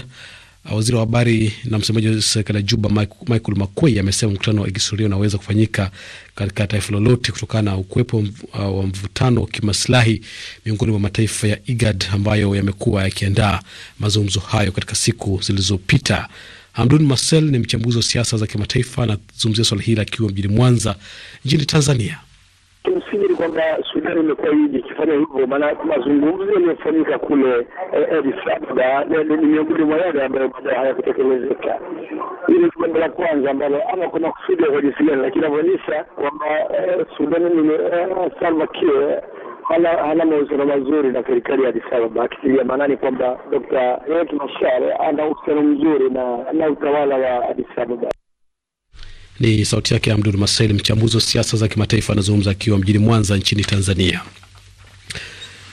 Waziri wa habari na msemaji wa serikali ya Juba Michael Makwei amesema mkutano wa kihistoria unaweza kufanyika katika taifa lolote kutokana na ukuwepo uh, wa mvutano wa kimaslahi miongoni mwa mataifa ya IGAD ambayo yamekuwa yakiandaa mazungumzo hayo katika siku zilizopita. Hamdun Marcel ni mchambuzi wa siasa za kimataifa, anazungumzia swala hili akiwa mjini Mwanza nchini Tanzania. Kimsingi ni kwamba Sudani imekuwa ikifanya hivyo, maana mazungumzo yaliyofanyika kule eh, Addis Ababa ni miongoni mwa yale ambayo baadaye hayakutekelezeka. Hili ni jambo la kwanza ambalo ama kuna kusudia kwa jinsi gani, lakini inaonyesha kwamba eh, Sudani eh, Salva Kiir hana mahusiano mazuri na serikali ya Addis Ababa, akitilia maanani kwamba Dr. Riek Machar ana uhusiano mzuri na, na utawala wa Addis Ababa. Ni sauti yake Abdul Masail, mchambuzi wa siasa za kimataifa, anazungumza akiwa mjini Mwanza nchini Tanzania.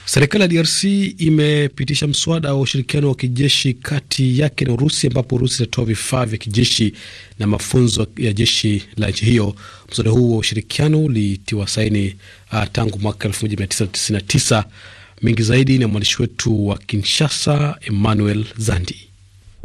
Serikali ya DRC imepitisha mswada wa ushirikiano wa kijeshi kati yake na Urusi, ambapo Urusi itatoa vifaa vya kijeshi na mafunzo ya jeshi la nchi hiyo. Mswada huu wa ushirikiano ulitiwa saini uh, tangu mwaka 1999. Mengi zaidi na mwandishi wetu wa Kinshasa, Emmanuel Zandi.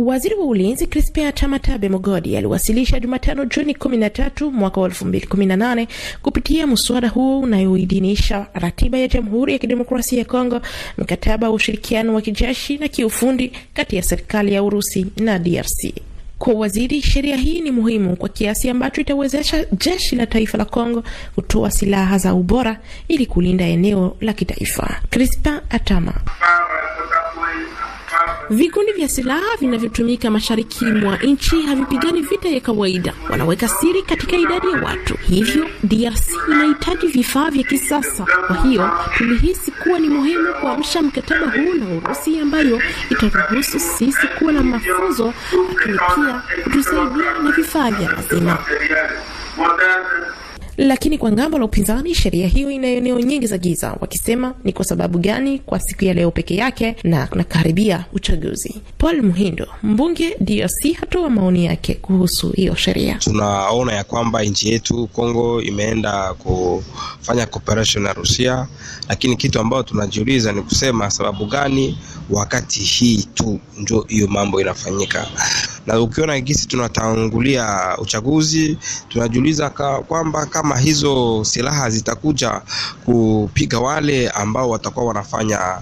Waziri wa ulinzi Crispin Tamatabe mogodi aliwasilisha Jumatano Juni 13 mwaka 2018 kupitia mswada huo unayoidhinisha ratiba ya Jamhuri ya Kidemokrasia ya Kongo, mkataba wa ushirikiano wa kijeshi na kiufundi kati ya serikali ya Urusi na DRC. Kwa waziri, sheria hii ni muhimu kwa kiasi ambacho itawezesha jeshi la taifa la Kongo kutoa silaha za ubora ili kulinda eneo la kitaifa. Crispin Atama Vikundi vya silaha vinavyotumika mashariki mwa nchi havipigani vita ya kawaida, wanaweka siri katika idadi ya watu, hivyo DRC inahitaji vifaa vya kisasa. Kwa hiyo tulihisi kuwa ni muhimu kuamsha mkataba huu na Urusi ambayo itaruhusu sisi kuwa na mafunzo, lakini pia kutusaidia na vifaa vya lazima. Lakini kwa ngambo la upinzani, sheria hiyo ina eneo nyingi za giza, wakisema ni kwa sababu gani kwa siku ya leo peke yake na nakaribia uchaguzi. Paul Muhindo, mbunge DRC, hatoa maoni yake kuhusu hiyo sheria. Tunaona ya kwamba nchi yetu Kongo imeenda kufanya cooperation na Rusia, lakini kitu ambayo tunajiuliza ni kusema sababu gani wakati hii tu njo hiyo mambo inafanyika na ukiona gisi tunatangulia uchaguzi, tunajiuliza kwamba kama hizo silaha zitakuja kupiga wale ambao watakuwa wanafanya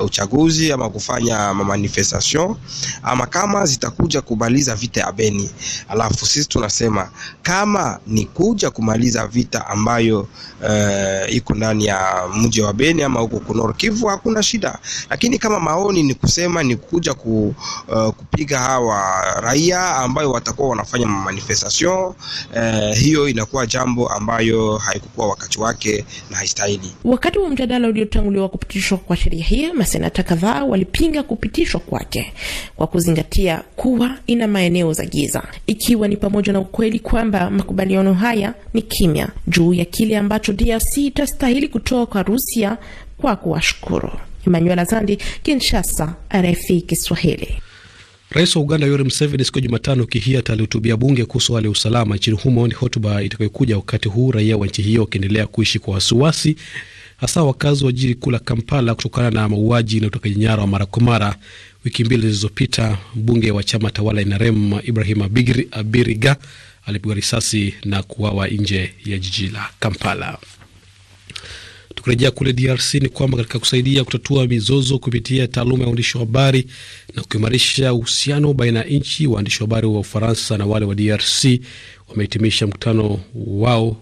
uh, uchaguzi ama kufanya manifestation ama kama zitakuja kumaliza vita ya Beni. Alafu sisi tunasema kama ni kuja kumaliza vita ambayo uh, iko ndani ya mji wa Beni ama huko kunor Kivu, hakuna shida, lakini kama maoni ni kusema ni kuja ku, uh, kupiga hawa raia ambayo watakuwa wanafanya manifestation eh, hiyo inakuwa jambo ambayo haikukuwa wakati wake na haistahili. Wakati wa mjadala uliotanguliwa kupitishwa kwa sheria hii, masenata kadhaa walipinga kupitishwa kwake kwa kuzingatia kuwa ina maeneo za giza, ikiwa ni pamoja na ukweli kwamba makubaliano haya ni kimya juu ya kile ambacho DRC itastahili kutoa kwa Rusia kwa kuwashukuru. Emmanuel Azandi, Kinshasa, RFI Kiswahili. Rais wa Uganda Yoweri Museveni siku ya Jumatano wiki hii atalihutubia bunge kuhusu hali ya usalama nchini humo. Ni hotuba itakayokuja wakati huu raia wa nchi hiyo wakiendelea kuishi kwa wasiwasi, hasa wakazi wa jiji kuu la Kampala kutokana na mauaji na utekaji nyara wa mara kwa mara. Wiki mbili zilizopita mbunge wa chama tawala NRM Ibrahim Abiriga alipigwa risasi na kuuawa nje ya jiji la Kampala. Tukirejea kule DRC ni kwamba katika kusaidia kutatua mizozo kupitia taaluma ya uandishi wa habari na kuimarisha uhusiano baina ya nchi, waandishi wa habari wa Ufaransa na wale wa DRC wamehitimisha mkutano wao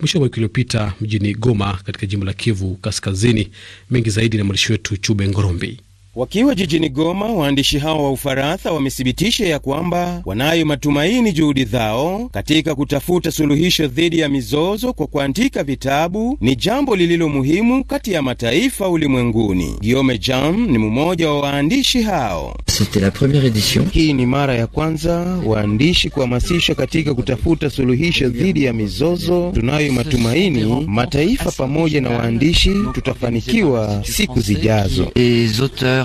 mwisho wa wiki iliyopita mjini Goma katika jimbo la Kivu Kaskazini. Mengi zaidi na mwandishi wetu Chube Ngorombi. Wakiwa jijini Goma, waandishi hao wa Ufaransa wamethibitisha ya kwamba wanayo matumaini juhudi zao katika kutafuta suluhisho dhidi ya mizozo kwa kuandika vitabu ni jambo lililo muhimu kati ya mataifa ulimwenguni. Guillaume Jam ni mmoja wa waandishi hao. Hii ni mara ya kwanza waandishi kuhamasishwa katika kutafuta suluhisho dhidi ya mizozo. Tunayo matumaini mataifa pamoja na waandishi tutafanikiwa siku zijazo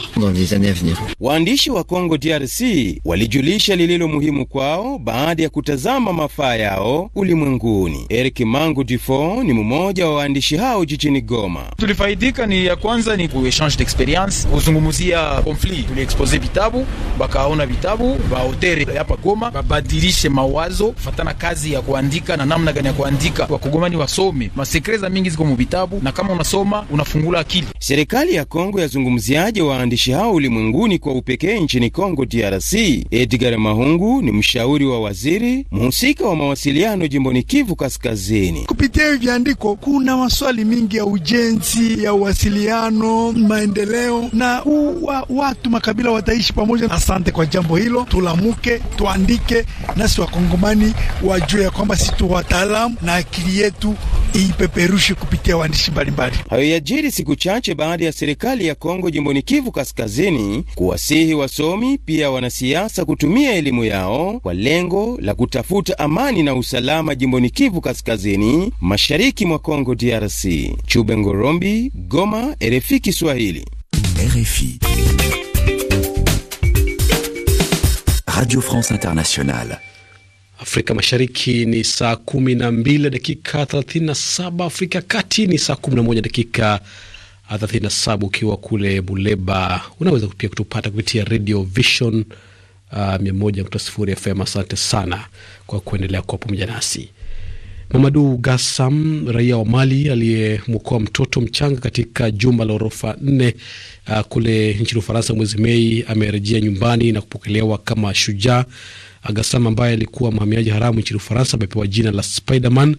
tard dans les années à venir. Waandishi wa congo DRC walijulisha lililo muhimu kwao baada ya kutazama mafaa yao ulimwenguni. Eric Mangu Difo ni mmoja wa waandishi hao jijini Goma. Tulifaidika ni ya kwanza ni kuechange d'experience, kuzungumzia konfli, tuliexpose vitabu, bakaona vitabu hoteli hapa Goma, babadilishe mawazo fatana kazi ya kuandika na namna gani ya kuandika, wakogomani wasome masekreza mingi ziko mu vitabu, na kama unasoma unafungula akili. Serikali ya Kongo yazungumziaje wa waandishi hao ulimwenguni kwa upekee nchini Congo DRC. Edgar Mahungu ni mshauri wa waziri mhusika wa mawasiliano jimboni Kivu Kaskazini. Kupitia hivi viandiko, kuna maswali mingi ya ujenzi, ya uwasiliano, maendeleo na uwa, watu makabila wataishi pamoja. Asante kwa jambo hilo, tulamuke, tuandike, nasi wakongomani wajue ya kwamba si tu wataalamu na akili yetu iipeperushe kupitia waandishi mbalimbali. Hayo yajiri siku chache baada ya serikali ya Kongo jimboni Kivu Kaskazini kuwasihi wasomi pia wanasiasa kutumia elimu yao kwa lengo la kutafuta amani na usalama jimboni Kivu Kaskazini, mashariki mwa congo DRC. Chube Ngorombi, Goma, RFI Kiswahili. RFI Radio France Internationale. Afrika Mashariki ni saa 12 dakika 37, Afrika Kati ni saa 11 dakika thelathini na saba ukiwa kule Muleba. Unaweza pia kutupata kupitia Radio Vision uh, FM. Asante sana kwa kuendelea kuwa pamoja nasi. Mamadu Gassam, raia wa Mali aliyemwokoa mtoto mchanga katika jumba la ghorofa nne uh, kule nchini Ufaransa mwezi Mei, amerejea nyumbani na kupokelewa kama shujaa. Gassam ambaye alikuwa mhamiaji haramu nchini Ufaransa amepewa jina la Spiderman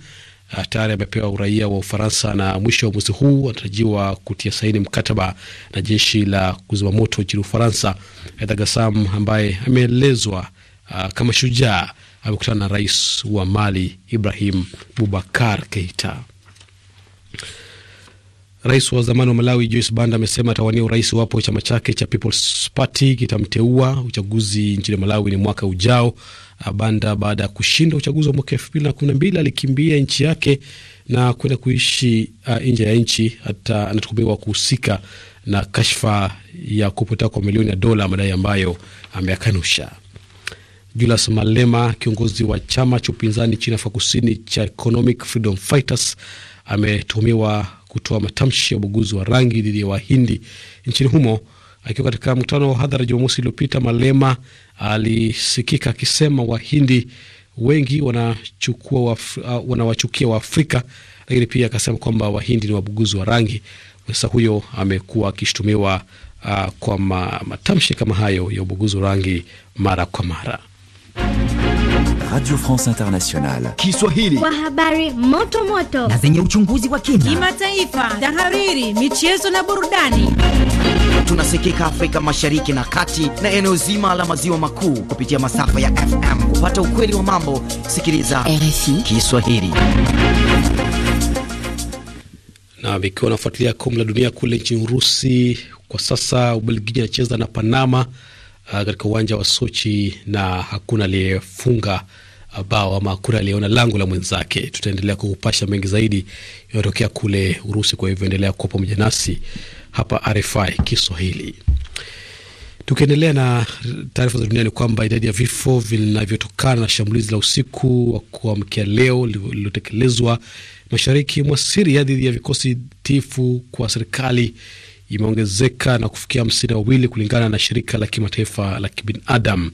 Ah, tayari amepewa uraia wa Ufaransa na mwisho wa mwezi huu anatarajiwa kutia saini mkataba na jeshi la kuzima moto nchini Ufaransa. Aidha, Gasam ambaye ameelezwa ah, kama shujaa amekutana na rais wa Mali Ibrahim Bubakar Keita. Rais wa zamani wa Malawi Joyce Banda amesema atawania urais wapo chama chake cha People's Party kitamteua. Uchaguzi nchini Malawi ni mwaka ujao. Banda baada ya kushinda uchaguzi wa mwaka elfu mbili na kumi na mbili alikimbia nchi yake na kwenda kuishi uh, nje ya nchi. Hata anatukumiwa kuhusika na kashfa ya kupotea kwa milioni ya dola, madai ambayo ameyakanusha. Julius Malema, kiongozi wa chama cha upinzani nchini Afrika Kusini cha Economic Freedom Fighters, ametuhumiwa kutoa matamshi ya ubaguzi wa rangi dhidi ya Wahindi nchini humo Akiwa katika mkutano wa hadhara Jumamosi iliyopita, Malema alisikika akisema Wahindi wengi wanachukua uh, wanawachukia Waafrika, lakini pia akasema kwamba Wahindi ni wabuguzi wa rangi. Sasa huyo amekuwa akishutumiwa uh, kwa matamshi kama hayo ya ubuguzi wa rangi mara kwa mara. Radio France Internationale Kiswahili kwa habari moto moto na zenye uchunguzi wa kina, kimataifa, tahariri, michezo na burudani. Tunasikika Afrika Mashariki na Kati na eneo zima la maziwa makuu kupitia masafa ya FM. Kupata ukweli wa mambo, sikiliza RFI Kiswahili. Na ikiwa unafuatilia kombe la dunia kule nchini Urusi kwa sasa, Ubelgiji anacheza na Panama Ah, katika uwanja wa Sochi na hakuna aliyefunga ah, bao ama hakuna aliyeona lango la mwenzake. Tutaendelea kukupasha mengi zaidi yanayotokea kule Urusi. Kwa hivyo endelea kuwa pamoja nasi hapa RFI Kiswahili. Tukiendelea na taarifa za dunia, ni kwamba idadi ya vifo vinavyotokana na shambulizi la usiku wa kuamkia leo lililotekelezwa mashariki mwa Siria dhidi ya vikosi tifu kwa serikali imeongezeka na kufikia hamsini na wawili kulingana na shirika la kimataifa la kibinadamu.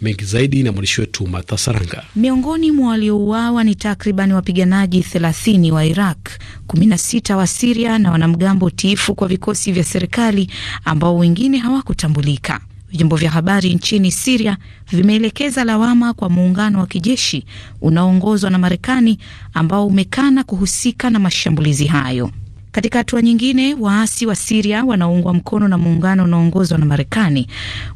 Mengi zaidi na mwandishi wetu Matha Saranga. Miongoni mwa waliouawa ni takriban wapiganaji 30 wa Iraq, 16 wa Siria na wanamgambo tiifu kwa vikosi vya serikali ambao wengine hawakutambulika. Vyombo vya habari nchini Siria vimeelekeza lawama kwa muungano wa kijeshi unaoongozwa na Marekani ambao umekana kuhusika na mashambulizi hayo. Katika hatua nyingine, waasi wa Siria wanaoungwa mkono na muungano unaoongozwa na Marekani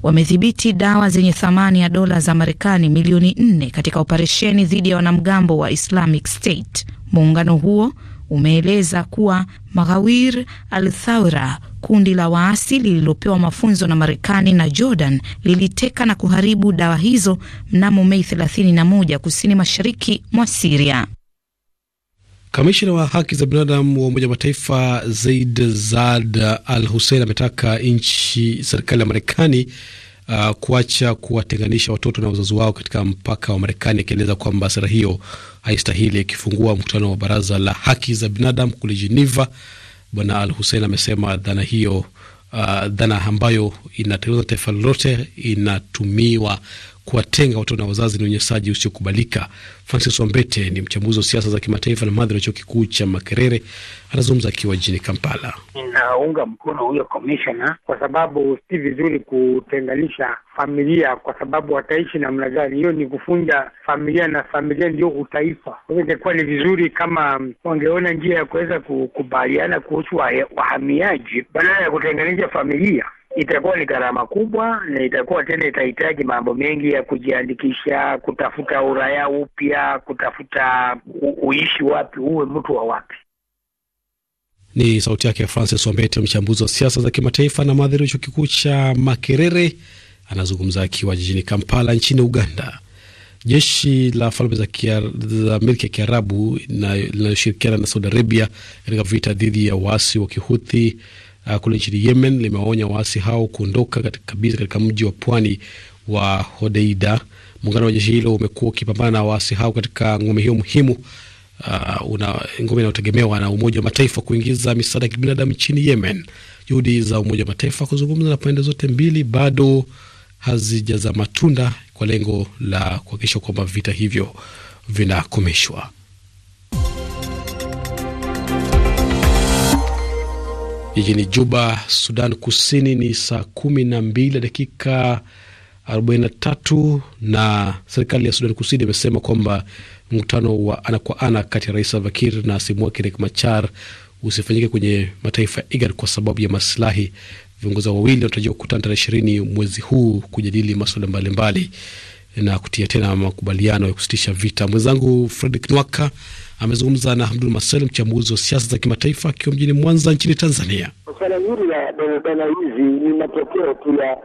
wamedhibiti dawa zenye thamani ya dola za Marekani milioni nne katika operesheni dhidi ya wanamgambo wa Islamic State. Muungano huo umeeleza kuwa Maghawir al-Thawra, kundi la waasi lililopewa mafunzo na Marekani na Jordan, liliteka na kuharibu dawa hizo mnamo Mei 31 kusini mashariki mwa Siria. Kamishina wa haki za binadamu wa Umoja wa Mataifa Zaid Zaad Al Hussein ametaka nchi serikali ya Marekani uh, kuacha kuwatenganisha watoto na wazazi wao katika mpaka wa Marekani, akieleza kwamba sera hiyo haistahili. Akifungua mkutano wa Baraza la Haki za Binadamu kule Geneva, Bwana Al Hussein amesema dhana hiyo, uh, dhana ambayo inatengeneza taifa lolote inatumiwa kuwatenga watoto na wazazi ni unyanyasaji usiokubalika. Francis Wambete ni mchambuzi wa siasa za kimataifa na mhadhiri wa chuo kikuu cha Makerere, anazungumza akiwa jijini Kampala. Ninaunga mkono huyo komishona kwa sababu si vizuri kutenganisha familia, kwa sababu wataishi namna gani? Hiyo ni kufunja familia, na familia ndio utaifa. Kwa hiyo ingekuwa ni vizuri kama wangeona njia ya kuweza kukubaliana kuhusu wahamiaji badala ya kutenganisha familia itakuwa ni gharama kubwa, na itakuwa tena itahitaji mambo mengi ya kujiandikisha, kutafuta uraia upya, kutafuta uishi wapi, uwe mtu wa wapi. Ni sauti yake Francis Wambete, mchambuzi wa siasa za kimataifa na mhadhiri wa chuo kikuu cha Makerere, anazungumza akiwa jijini Kampala nchini Uganda. Jeshi la falme za, za Milki ya Kiarabu linaloshirikiana na Saudi Arabia katika vita dhidi ya waasi wa Kihuthi uh, kule nchini Yemen limewaonya waasi hao kuondoka katika, kabisa katika mji wa pwani wa Hodeida. Muungano wa jeshi hilo umekuwa ukipambana na waasi hao katika ngome hiyo muhimu uh, una ngome inayotegemewa na Umoja wa Mataifa kuingiza misaada ya kibinadamu nchini Yemen. Juhudi za Umoja wa Mataifa kuzungumza na pande zote mbili bado hazijaza matunda kwa lengo la kuhakikisha kwamba vita hivyo vinakomeshwa. Jijini Juba, Sudan Kusini ni saa kumi na mbili dakika 43 na serikali ya Sudan Kusini imesema kwamba mkutano wa ana kwa ana kati ya Rais Salva Kiir na simu wake Riek Machar usifanyike kwenye mataifa ya IGAD kwa sababu ya maslahi. Viongozi wawili wanatarajiwa kukutana tarehe ishirini mwezi huu kujadili masuala mbalimbali na kutia tena makubaliano ya kusitisha vita. Mwenzangu Fredrik Nwaka amezungumza na Hamdul Masel, mchambuzi wa siasa za kimataifa, akiwa mjini Mwanza nchini Tanzania. Swala hili la dana hizi ni matokeo tu ya eh,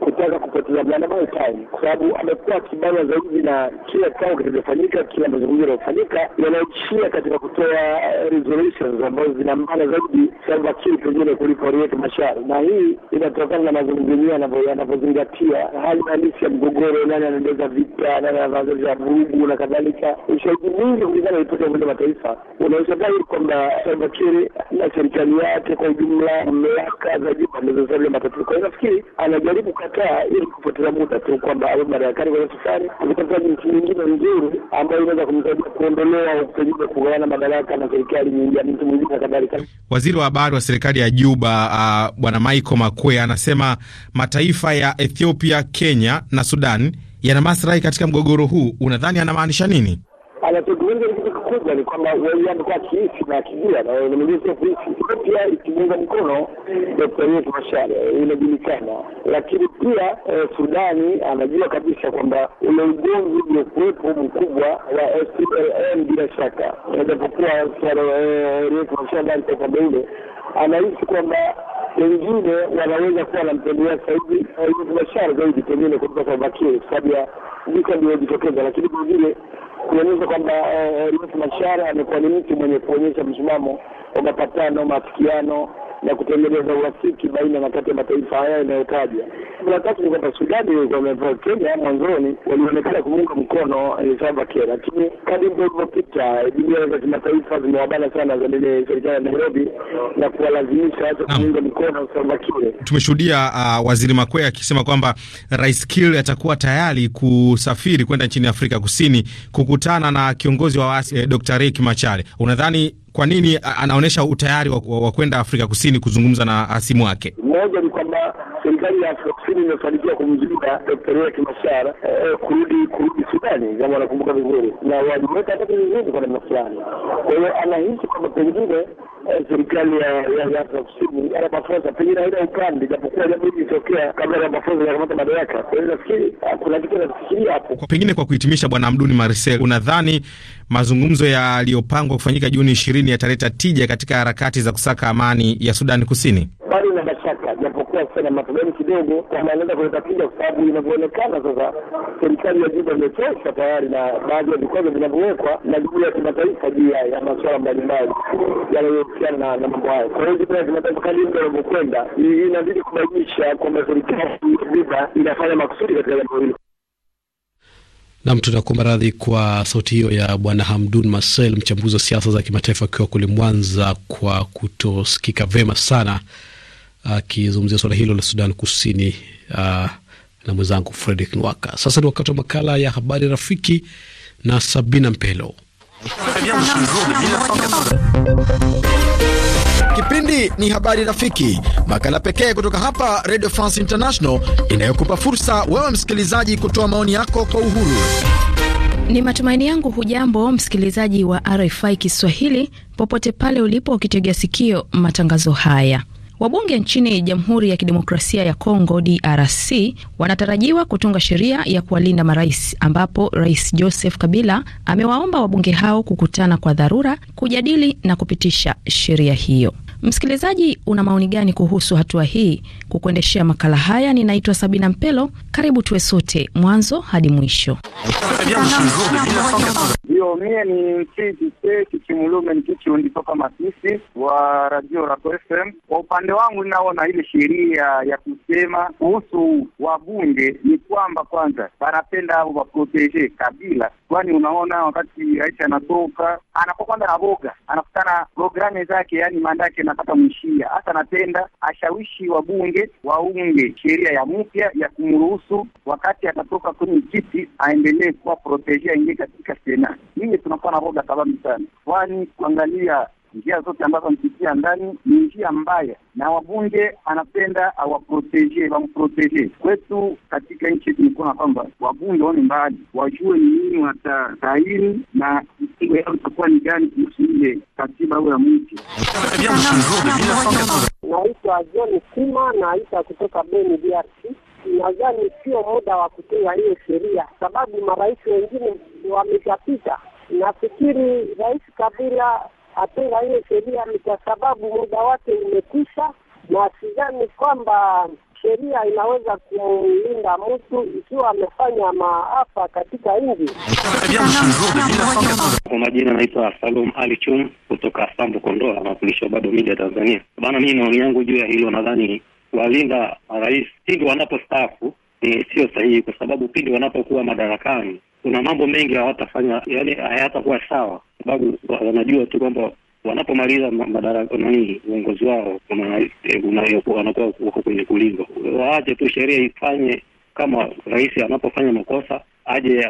kutaka kupoteza bwana time, kwa sababu amekuwa akibana zaidi na kila kao kilichofanyika, kila mazungumzo yanayofanyika yanaishia katika kutoa eh, resolutions ambazo zinambana zaidi sababu akili pengine kuliko rieki mashari, na hii inatokana na mazungumzo yenyewe yanavyozingatia hali halisi ya mgogoro, nani anaendeza vita, nani anavaza vurugu na kadhalika. Ushahidi mwingi kulingana na ripoti Umoja wa Mataifa, unaweza dai kwamba Salva Kiir na serikali yake kwa ujumla mamlaka za juu amezozaa matatizo. Kwa hiyo nafikiri anajaribu kukataa ili kupoteza muda tu, kwamba awe madarakani kwa sasani kutafuta nchi nyingine nzuri ambayo inaweza kumsaidia kuondolewa au kugawana madaraka na serikali ya mtu mwingine na kadhalika. Waziri wa habari wa serikali ya Juba uh, Bwana Michael Makwe anasema mataifa ya Ethiopia, Kenya na Sudan yana maslahi katika mgogoro huu. Unadhani anamaanisha nini? anachozungumza ni kitu kikubwa, ni kwamba yeye amekuwa akiishi na akijia na mwenyewe pia kuishi ikimuunga mkono Daktari wetu Mashare, inajulikana. Lakini pia eh, Sudani anajua kabisa kwamba ule ugonjwa uliokuwepo mkubwa wa SLM, bila shaka, japokuwa Daktari wetu Mashare ule anahisi kwamba wengine wanaweza kuwa wanampendelea Saidi Saidi Bashara zaidi pengine kutoka kwa Bakiri kwa sababu ya ndiko aliyojitokeza, lakini vilevile kuonyesha kwamba eh, eh, Rais mashara amekuwa ni mtu mwenye kuonyesha msimamo wa mapatano, maafikiano na kutengeneza urafiki baina na kati ya mataifa haya yanayotajwa. La tatu ni kwamba Sudani kwa Kenya mwanzoni walionekana kumuunga mkono Salva Kiir, lakini kadri muda ulivyopita jumuiya za kimataifa zimewabana sana za lile serikali ya Nairobi na kuwalazimisha hata kuunga mkono Salva Kiir. Tumeshuhudia uh, waziri Makwea akisema kwamba Rais Kiir atakuwa tayari kusafiri kwenda nchini Afrika Kusini kukutana na kiongozi wa waasi eh, Dr. Riek Machar. Unadhani kwa nini anaonyesha utayari wa kwenda Afrika Kusini kuzungumza na hasimu wake? Mmoja ni kwamba serikali ya Afrika Kusini imefanikiwa kumzuia Dkt. Machar eh, kurudi kurudi Sudani, kama wanakumbuka vizuri, na waliweka hata vizuri kwa namna fulani. Kwa hiyo anahisi kwamba pengine eh, serikali ya Afrika Kusini Ramaphosa pengine haina upande, japokuwa jambo hili litokea kabla ya Ramaphosa yakamata madaraka. Kwa hiyo nafikiri ah, kuna kitu anafikiria hapo. Pengine kwa kuhitimisha, Bwana Amduni Marcel, unadhani Mazungumzo yaliyopangwa kufanyika Juni ishirini yataleta tija katika harakati za kusaka amani ya Sudani Kusini. Bado na mashaka japokuwa sana mapigano kidogo, kama anaweza kuleta tija, kwa sababu inavyoonekana sasa serikali ya Juba imechoshwa tayari na baadhi ya vikwazo vinavyowekwa na jumuiya ya kimataifa juu ya masuala mbalimbali yanayohusiana na, na mambo hayo. Kwa hiyo jumuiya ya kimataifa kadri muda unavyokwenda inabidi kubainisha kwamba serikali ya Juba inafanya makusudi katika jambo hilo. Nam, tunakuomba radhi kwa sauti hiyo ya Bwana Hamdun masel mchambuzi wa siasa za kimataifa, akiwa kule Mwanza, kwa kutosikika vema sana akizungumzia suala hilo la Sudan Kusini uh, na mwenzangu Fredrick Nwaka. Sasa ni wakati wa makala ya habari rafiki na Sabina Mpelo. Kipindi ni Habari Rafiki, makala pekee kutoka hapa Radio France International inayokupa fursa wewe msikilizaji kutoa maoni yako kwa uhuru. Ni matumaini yangu hujambo msikilizaji wa RFI Kiswahili popote pale ulipo ukitegea sikio matangazo haya. Wabunge nchini Jamhuri ya Kidemokrasia ya Kongo DRC wanatarajiwa kutunga sheria ya kuwalinda marais, ambapo Rais Joseph Kabila amewaomba wabunge hao kukutana kwa dharura kujadili na kupitisha sheria hiyo. Msikilizaji, una maoni gani kuhusu hatua hii? Kukuendeshea makala haya ninaitwa Sabina Mpelo. Karibu tuwe sote mwanzo hadi mwisho. Ndio, mie ni Kidise ni Nikichundi toka Masisi wa Radio Rako FM. Kwa upande wangu, ninaona ile sheria ya kusema kuhusu wabunge ni kwamba kwanza wanapenda ao waproteje kabila, kwani unaona wakati Aisha anatoka anakuwa na boga anakutana programu zake, yani mandake tunataka mwishia hata napenda ashawishi wabunge waunge sheria ya mpya ya kumruhusu wakati atatoka kwenye kiti aendelee kuwa proteje aingie katika sena. Mimi tunakuwa na roga sababu sana, kwani kuangalia njia zote ambazo amepitia ndani ni njia mbaya, na wabunge anapenda awaproteje, wamproteje. Kwetu katika nchi yetu nikuona kwamba wabunge waone mbali, wajue ni nini watasaini na ikigo yao itakuwa ni gani kuhusu ile katiba huyo ya mwici Naitwa John Kuma na naita kutoka Beni, DRC. Nadhani sio muda wa kutunga hiyo sheria, sababu marais wengine wameshapita. Nafikiri Rais Kabila apinga hiyo sheria ni kwa sababu muda wake umekwisha, na sidhani kwamba sheria inaweza kumlinda mtu ikiwa amefanya maafa katika nji. Kwa majina anaitwa Salum Ali Chum kutoka Sambu, Kondoa, mwakilisho bado media Tanzania. Bana, mii maoni yangu juu ya hilo, nadhani walinda marais pindi wanapostaafu ni eh, sio sahihi, kwa sababu pindi wanapokuwa madarakani kuna mambo mengi hawatafanya, yani hayatakuwa sawa, sababu wanajua tu kwamba wanapomaliza madaraka nani uongozi wao eh, wanakuwa wako kwenye kulingo. Waache tu sheria ifanye, kama rais anapofanya makosa aje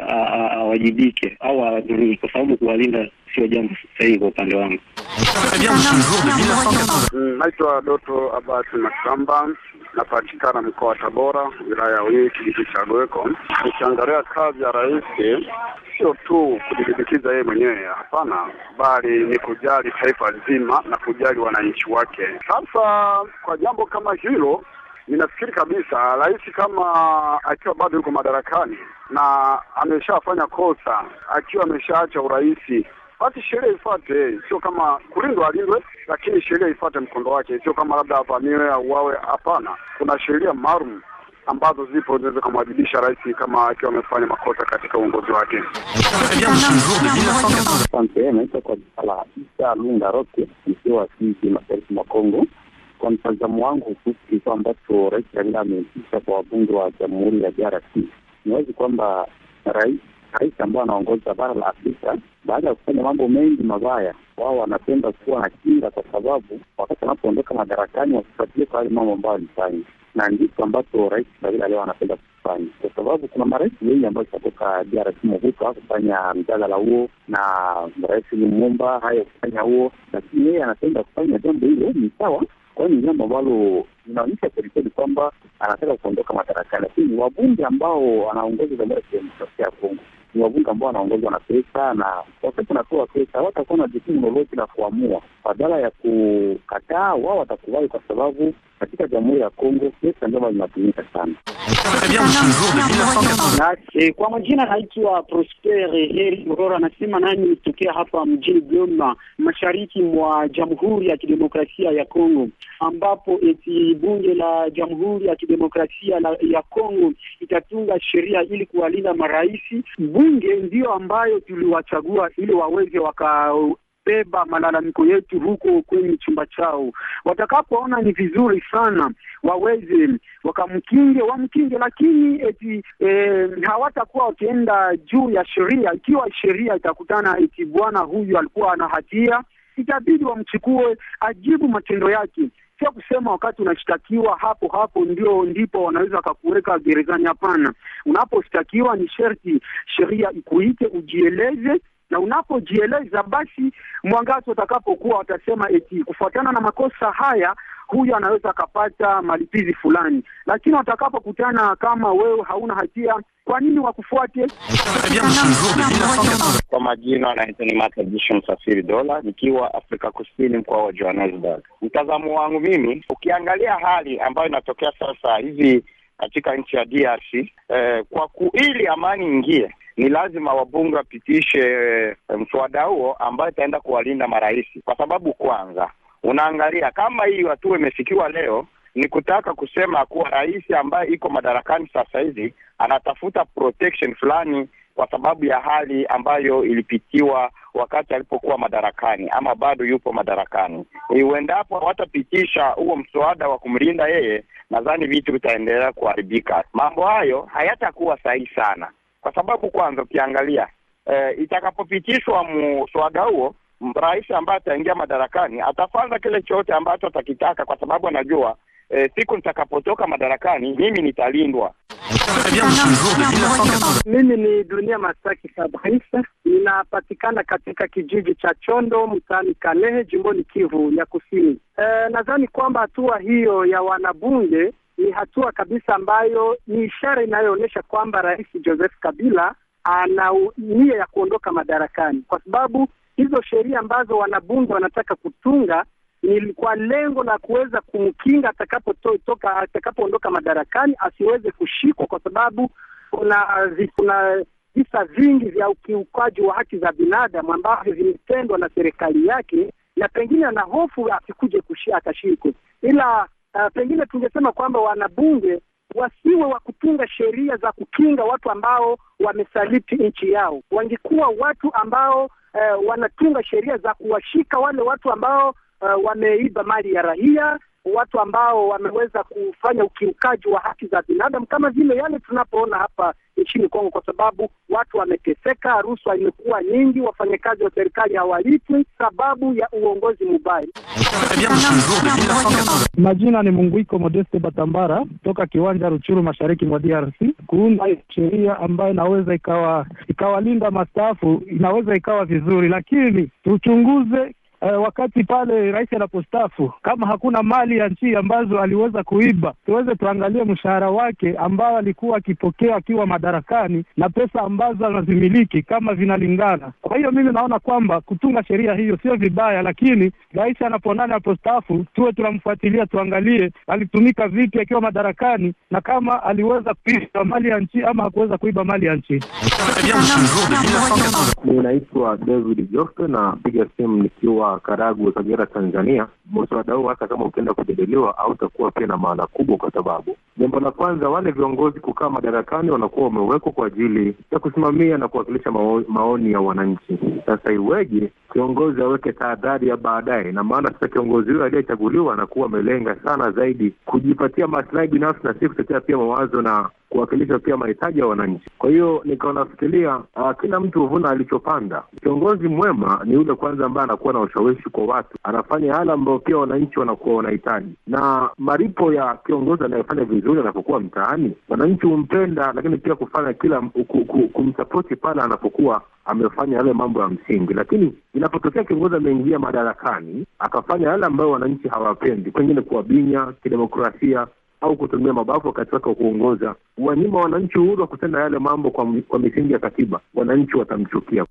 awajibike au nani, kwa sababu kuwalinda sio jambo sahihi kwa upande wangu. Naitwa Doto Abasi Makamba napatikana mkoa wa Tabora, wilaya ya Uyui, kijiji cha Goeko. Nikiangalia kazi ya rais, sio tu kujilimbikiza yeye mwenyewe, hapana, bali ni kujali taifa zima na kujali wananchi wake. Sasa kwa jambo kama hilo ninafikiri kabisa rais kama akiwa bado yuko madarakani na ameshafanya kosa, akiwa ameshaacha urais basi sheria ifuate, sio kama kulindwa alindwe, lakini sheria ifuate mkondo wake, sio kama labda avamiwe au wawe. Hapana, kuna sheria maalum ambazo zipo zinaweza kumwajibisha rais kama akiwa amefanya makosa katika uongozi wake. Asante. Naitwa kwa jina la Isa Lunda Roke, mkiwa Sigi, mashariki mwa Kongo. Kwa mtazamo wangu kuhusu kifaa ambacho rais Raila ameitisha kwa wabunge wa jamhuri ya DRC, niwazi kwamba rais rais ambao anaongoza bara la Afrika, baada ya kufanya mambo mengi mabaya, wao wanapenda kuwa na kinga, kwa sababu wakati wanapoondoka madarakani wasifuatilie kwa yale mambo ambayo alifanya na ndicho ambacho rais Kabila leo anapenda kufanya, kwa sababu kuna marais wengi ambao itatoka DRC Mobutu hakufanya mjadala huo na rais Lumumba haya kufanya huo, lakini yeye anapenda kufanya jambo hilo, ni sawa kwani jambo ambalo inaonyesha kwelikweli kwamba anataka kuondoka madarakani, lakini wabunge ambao anaongoza Jamhuri ya Kidemokrasia ya Kongo ni wabunge ambao wanaongozwa na pesa, na wakati wanatoa pesa watakuwa na jukumu lolote la kuamua. Badala ya kukataa, wao watakubali kwa sababu katika Jamhuri ya Kongo, pesa ndio zinatumika sana. Eh, kwa majina naitwa Prosper Heri Murora, anasema nani nitokea hapa mjini Goma, mashariki mwa Jamhuri ya Kidemokrasia ya Kongo, ambapo eti bunge la Jamhuri ya Kidemokrasia la, ya Kongo itatunga sheria ili kuwalinda maraisi Bunge ndio ambayo tuliwachagua ili waweze waka beba malalamiko yetu huko kwenye chumba chao. Watakapoona ni vizuri sana waweze wakamkinge wamkinge, lakini eti e, hawatakuwa wakienda juu ya sheria. Ikiwa sheria itakutana eti bwana huyu alikuwa ana hatia, itabidi wamchukue ajibu matendo yake. Sio kusema wakati unashtakiwa hapo hapo ndio ndipo wanaweza wakakuweka gerezani. Hapana, unaposhtakiwa ni sherti sheria ikuite ujieleze na unapojieleza basi, mwangazi utakapokuwa watasema eti kufuatana na makosa haya huyu anaweza akapata malipizi fulani, lakini watakapokutana kama wewe hauna hatia, kwa nini wakufuate? Kwa majina anaitwa ni Matajisho Msafiri Dola, nikiwa Afrika Kusini, mkoa wa Johannesburg. Mtazamo wangu mimi, ukiangalia hali ambayo inatokea sasa hivi katika nchi ya DRC eh, kwa ku ili amani ingie ni lazima wabunge wapitishe eh, mswada huo ambayo itaenda kuwalinda marahisi kwa sababu kwanza unaangalia kama hii hatua imefikiwa leo ni kutaka kusema kuwa rais ambaye iko madarakani sasa hivi anatafuta protection fulani kwa sababu ya hali ambayo ilipitiwa wakati alipokuwa madarakani ama bado yupo madarakani. Iwendapo hawatapitisha huo mswada wa kumlinda yeye, nadhani vitu vitaendelea kuharibika. Mambo hayo hayatakuwa sahihi sana, kwa sababu kwanza ukiangalia e, itakapopitishwa mswada huo rais ambaye ataingia madarakani atafanza kile chote ambacho atakitaka, kwa sababu anajua e, siku nitakapotoka madarakani mimi nitalindwa. Mimi ni Dunia Masaki Fabrisa, ninapatikana katika kijiji cha Chondo mtaani Kalehe, jimboni Kivu ya Kusini. E, nadhani kwamba hatua hiyo ya wanabunge ni hatua kabisa ambayo ni ishara inayoonyesha kwamba Rais Joseph Kabila ana nia ya kuondoka madarakani, kwa sababu hizo sheria ambazo wanabunge wanataka kutunga ni kwa lengo la kuweza kumkinga atakapotoka, atakapoondoka madarakani asiweze kushikwa, kwa sababu kuna kuna visa vingi vya ukiukaji wa haki za binadamu ambavyo vimetendwa na serikali yake, na pengine ana hofu asikuje akashikwe, ila uh, pengine tungesema kwamba wanabunge wasiwe wa kutunga sheria za kukinga watu ambao wamesaliti nchi yao, wangekuwa watu ambao uh, wanatunga sheria za kuwashika wale watu ambao uh, wameiba mali ya raia, watu ambao wameweza kufanya ukiukaji wa haki za binadamu kama vile yale tunapoona hapa nchini Kongo, kwa sababu watu wameteseka, rushwa imekuwa nyingi, wafanyakazi wa serikali hawalipwi sababu ya uongozi mbaya. Majina ni Munguiko Modeste Batambara toka kiwanja Ruchuru, mashariki mwa DRC. Kuunda sheria ambayo inaweza ikawa ikawalinda mastaafu inaweza ikawa vizuri, lakini tuchunguze uh, wakati pale rais anapostafu, kama hakuna mali ya nchi ambazo aliweza kuiba, tuweze tuangalie mshahara wake ambao alikuwa akipokea akiwa madarakani na pesa ambazo anazimiliki kama vinalingana. Kwa hiyo mimi naona kwamba kutunga sheria hiyo sio vibaya, lakini rais anaponani apostafu, tuwe tunamfuatilia tuangalie alitumika vipi akiwa madarakani na kama aliweza kuiba mali ya nchi ama hakuweza kuiba mali ya nchi. Ninaitwa David Jofe na piga simu nikiwa karagu Karagwe, Kagera, Tanzania, mswada huu hata kama ukienda kujadiliwa hautakuwa pia na maana kubwa, kwa sababu jambo la kwanza, wale viongozi kukaa madarakani wanakuwa wamewekwa kwa ajili ya kusimamia na kuwakilisha mao, maoni ya wananchi. Sasa iweje kiongozi aweke tahadhari ya baadaye? Na maana sasa kiongozi huyo aliyechaguliwa anakuwa amelenga sana zaidi kujipatia maslahi binafsi na si kutetea pia mawazo na kuwakilisha pia mahitaji ya wananchi. Kwa hiyo nikawa nafikiria uh, kila mtu huvuna alichopanda. Kiongozi mwema ni yule kwanza ambaye anakuwa na ushawishi kwa watu, anafanya yale ambayo pia wananchi wanakuwa wanahitaji, na malipo ya kiongozi anayefanya vizuri anapokuwa mtaani, wananchi humpenda, lakini pia kufanya kila kumsapoti pale anapokuwa amefanya yale mambo ya msingi. Lakini inapotokea kiongozi ameingia madarakani akafanya yale ambayo wananchi hawapendi, pengine kuwabinya kidemokrasia au kutumia mabavu wakati wake wa kuongoza, wanyima wananchi uhuru wa kutenda yale mambo kwa, kwa misingi ya katiba, wananchi watamchukia.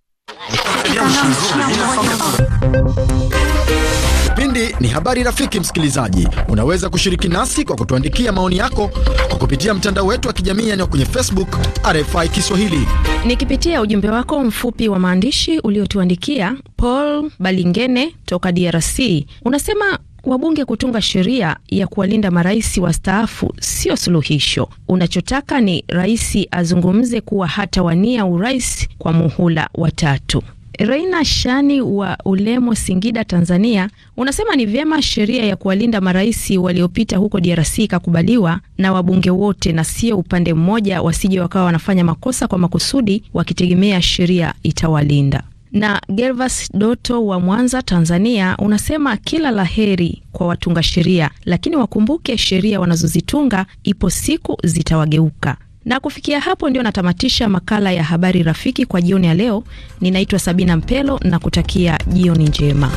Kipindi ni habari. Rafiki msikilizaji, unaweza kushiriki nasi kwa kutuandikia maoni yako kwa kupitia mtandao wetu wa kijamii yani kwenye Facebook RFI Kiswahili. Nikipitia ujumbe wako mfupi wa maandishi uliotuandikia, Paul Balingene toka DRC unasema Wabunge kutunga sheria ya kuwalinda marais wastaafu sio suluhisho. Unachotaka ni rais azungumze kuwa hatawania urais kwa muhula wa tatu. Reina Shani wa Ulemo, Singida, Tanzania, unasema ni vyema sheria ya kuwalinda marais waliopita huko DRC ikakubaliwa na wabunge wote na sio upande mmoja, wasije wakawa wanafanya makosa kwa makusudi wakitegemea sheria itawalinda. Na Gervas Doto wa Mwanza, Tanzania, unasema kila la heri kwa watunga sheria, lakini wakumbuke sheria wanazozitunga, ipo siku zitawageuka. Na kufikia hapo ndio natamatisha makala ya habari rafiki kwa jioni ya leo. Ninaitwa Sabina Mpelo na kutakia jioni njema.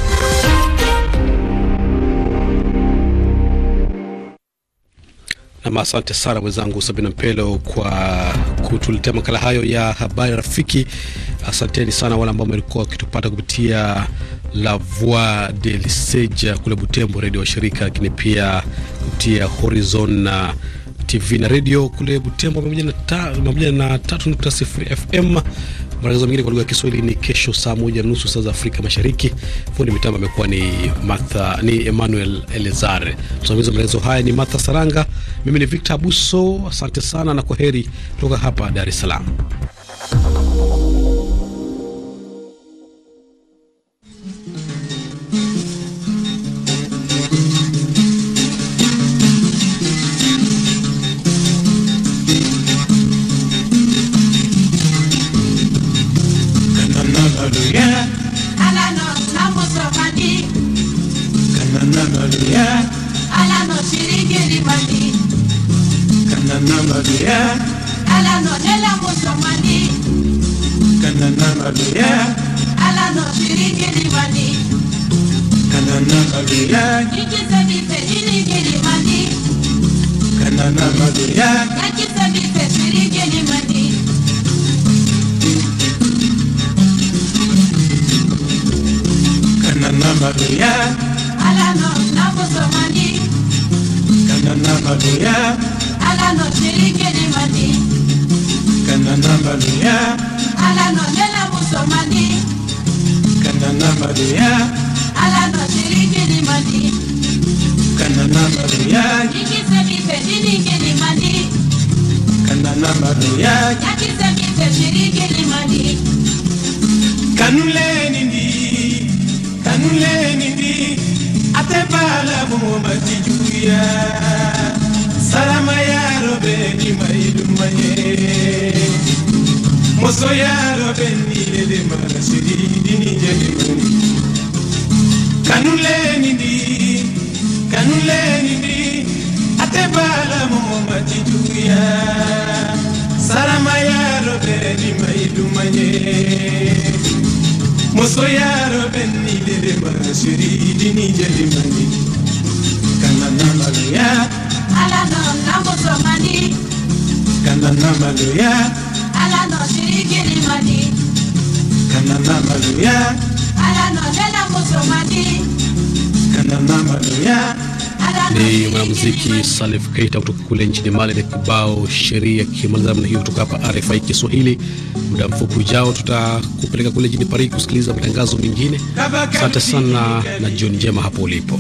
Nam, asante sana mwenzangu Sabina Mpelo kwa kutuletea makala hayo ya habari rafiki. Asanteni sana wale ambao walikuwa wakitupata kupitia La Voix de Liseja kule Butembo, redio wa shirika, lakini pia kupitia Horizon na TV na redio kule Butembo pamoja na FM Matangazo mengine kwa lugha ya Kiswahili ni kesho saa moja na nusu saa za Afrika Mashariki. Fundi mitambo amekuwa ni Martha, ni Emmanuel Elezare. Msimamizi wa matangazo haya ni Martha Saranga. Mimi ni Victor Abuso, asante sana na kwa heri kutoka hapa Dar es Salaam. Mali na Mabia Ala no Nela Kana na Mabia Ala no Shirigiri Mali Kanana Mabia Ikisa Bife Shirigiri Mali Kanana Mabia Akisa Bife Shirigiri Mali na Mabia Ala no Nabo Somani Kanana Malia. Alano Chirike de Madi. Kanana Malia. Alano Nela Musomani. Kanana Malia. Alano Chirike de Madi. Kanana Malia. Ikise Bife Chirike de Madi. Kanana Malia. Yakise Bife Chirike de Madi. Kanule Nindi. Kanule Nindi. atebalamu matijuya salama yaroɓe ndimayiɗumaye moso yaroɓe nilede mala seridini Kanule kanuleni ndi kanuleni ndi atebalamu matijuya salama yaroɓe ndimayiɗumaye mosoyaro penni dereba siriidini jelimani kananamaloya alanonna mosomani kananamaloya alano sirigilimani kananamaloya alano lela mosomani kananamaloya ni mwanamuziki Salif Keita kutoka kule nchini Mali na kibao sheria kimaliza namna hiyo. Kutoka hapa RFI Kiswahili, muda mfupi ujao tutakupeleka kule jijini Paris kusikiliza matangazo mengine. Asante sana na jioni njema hapo ulipo.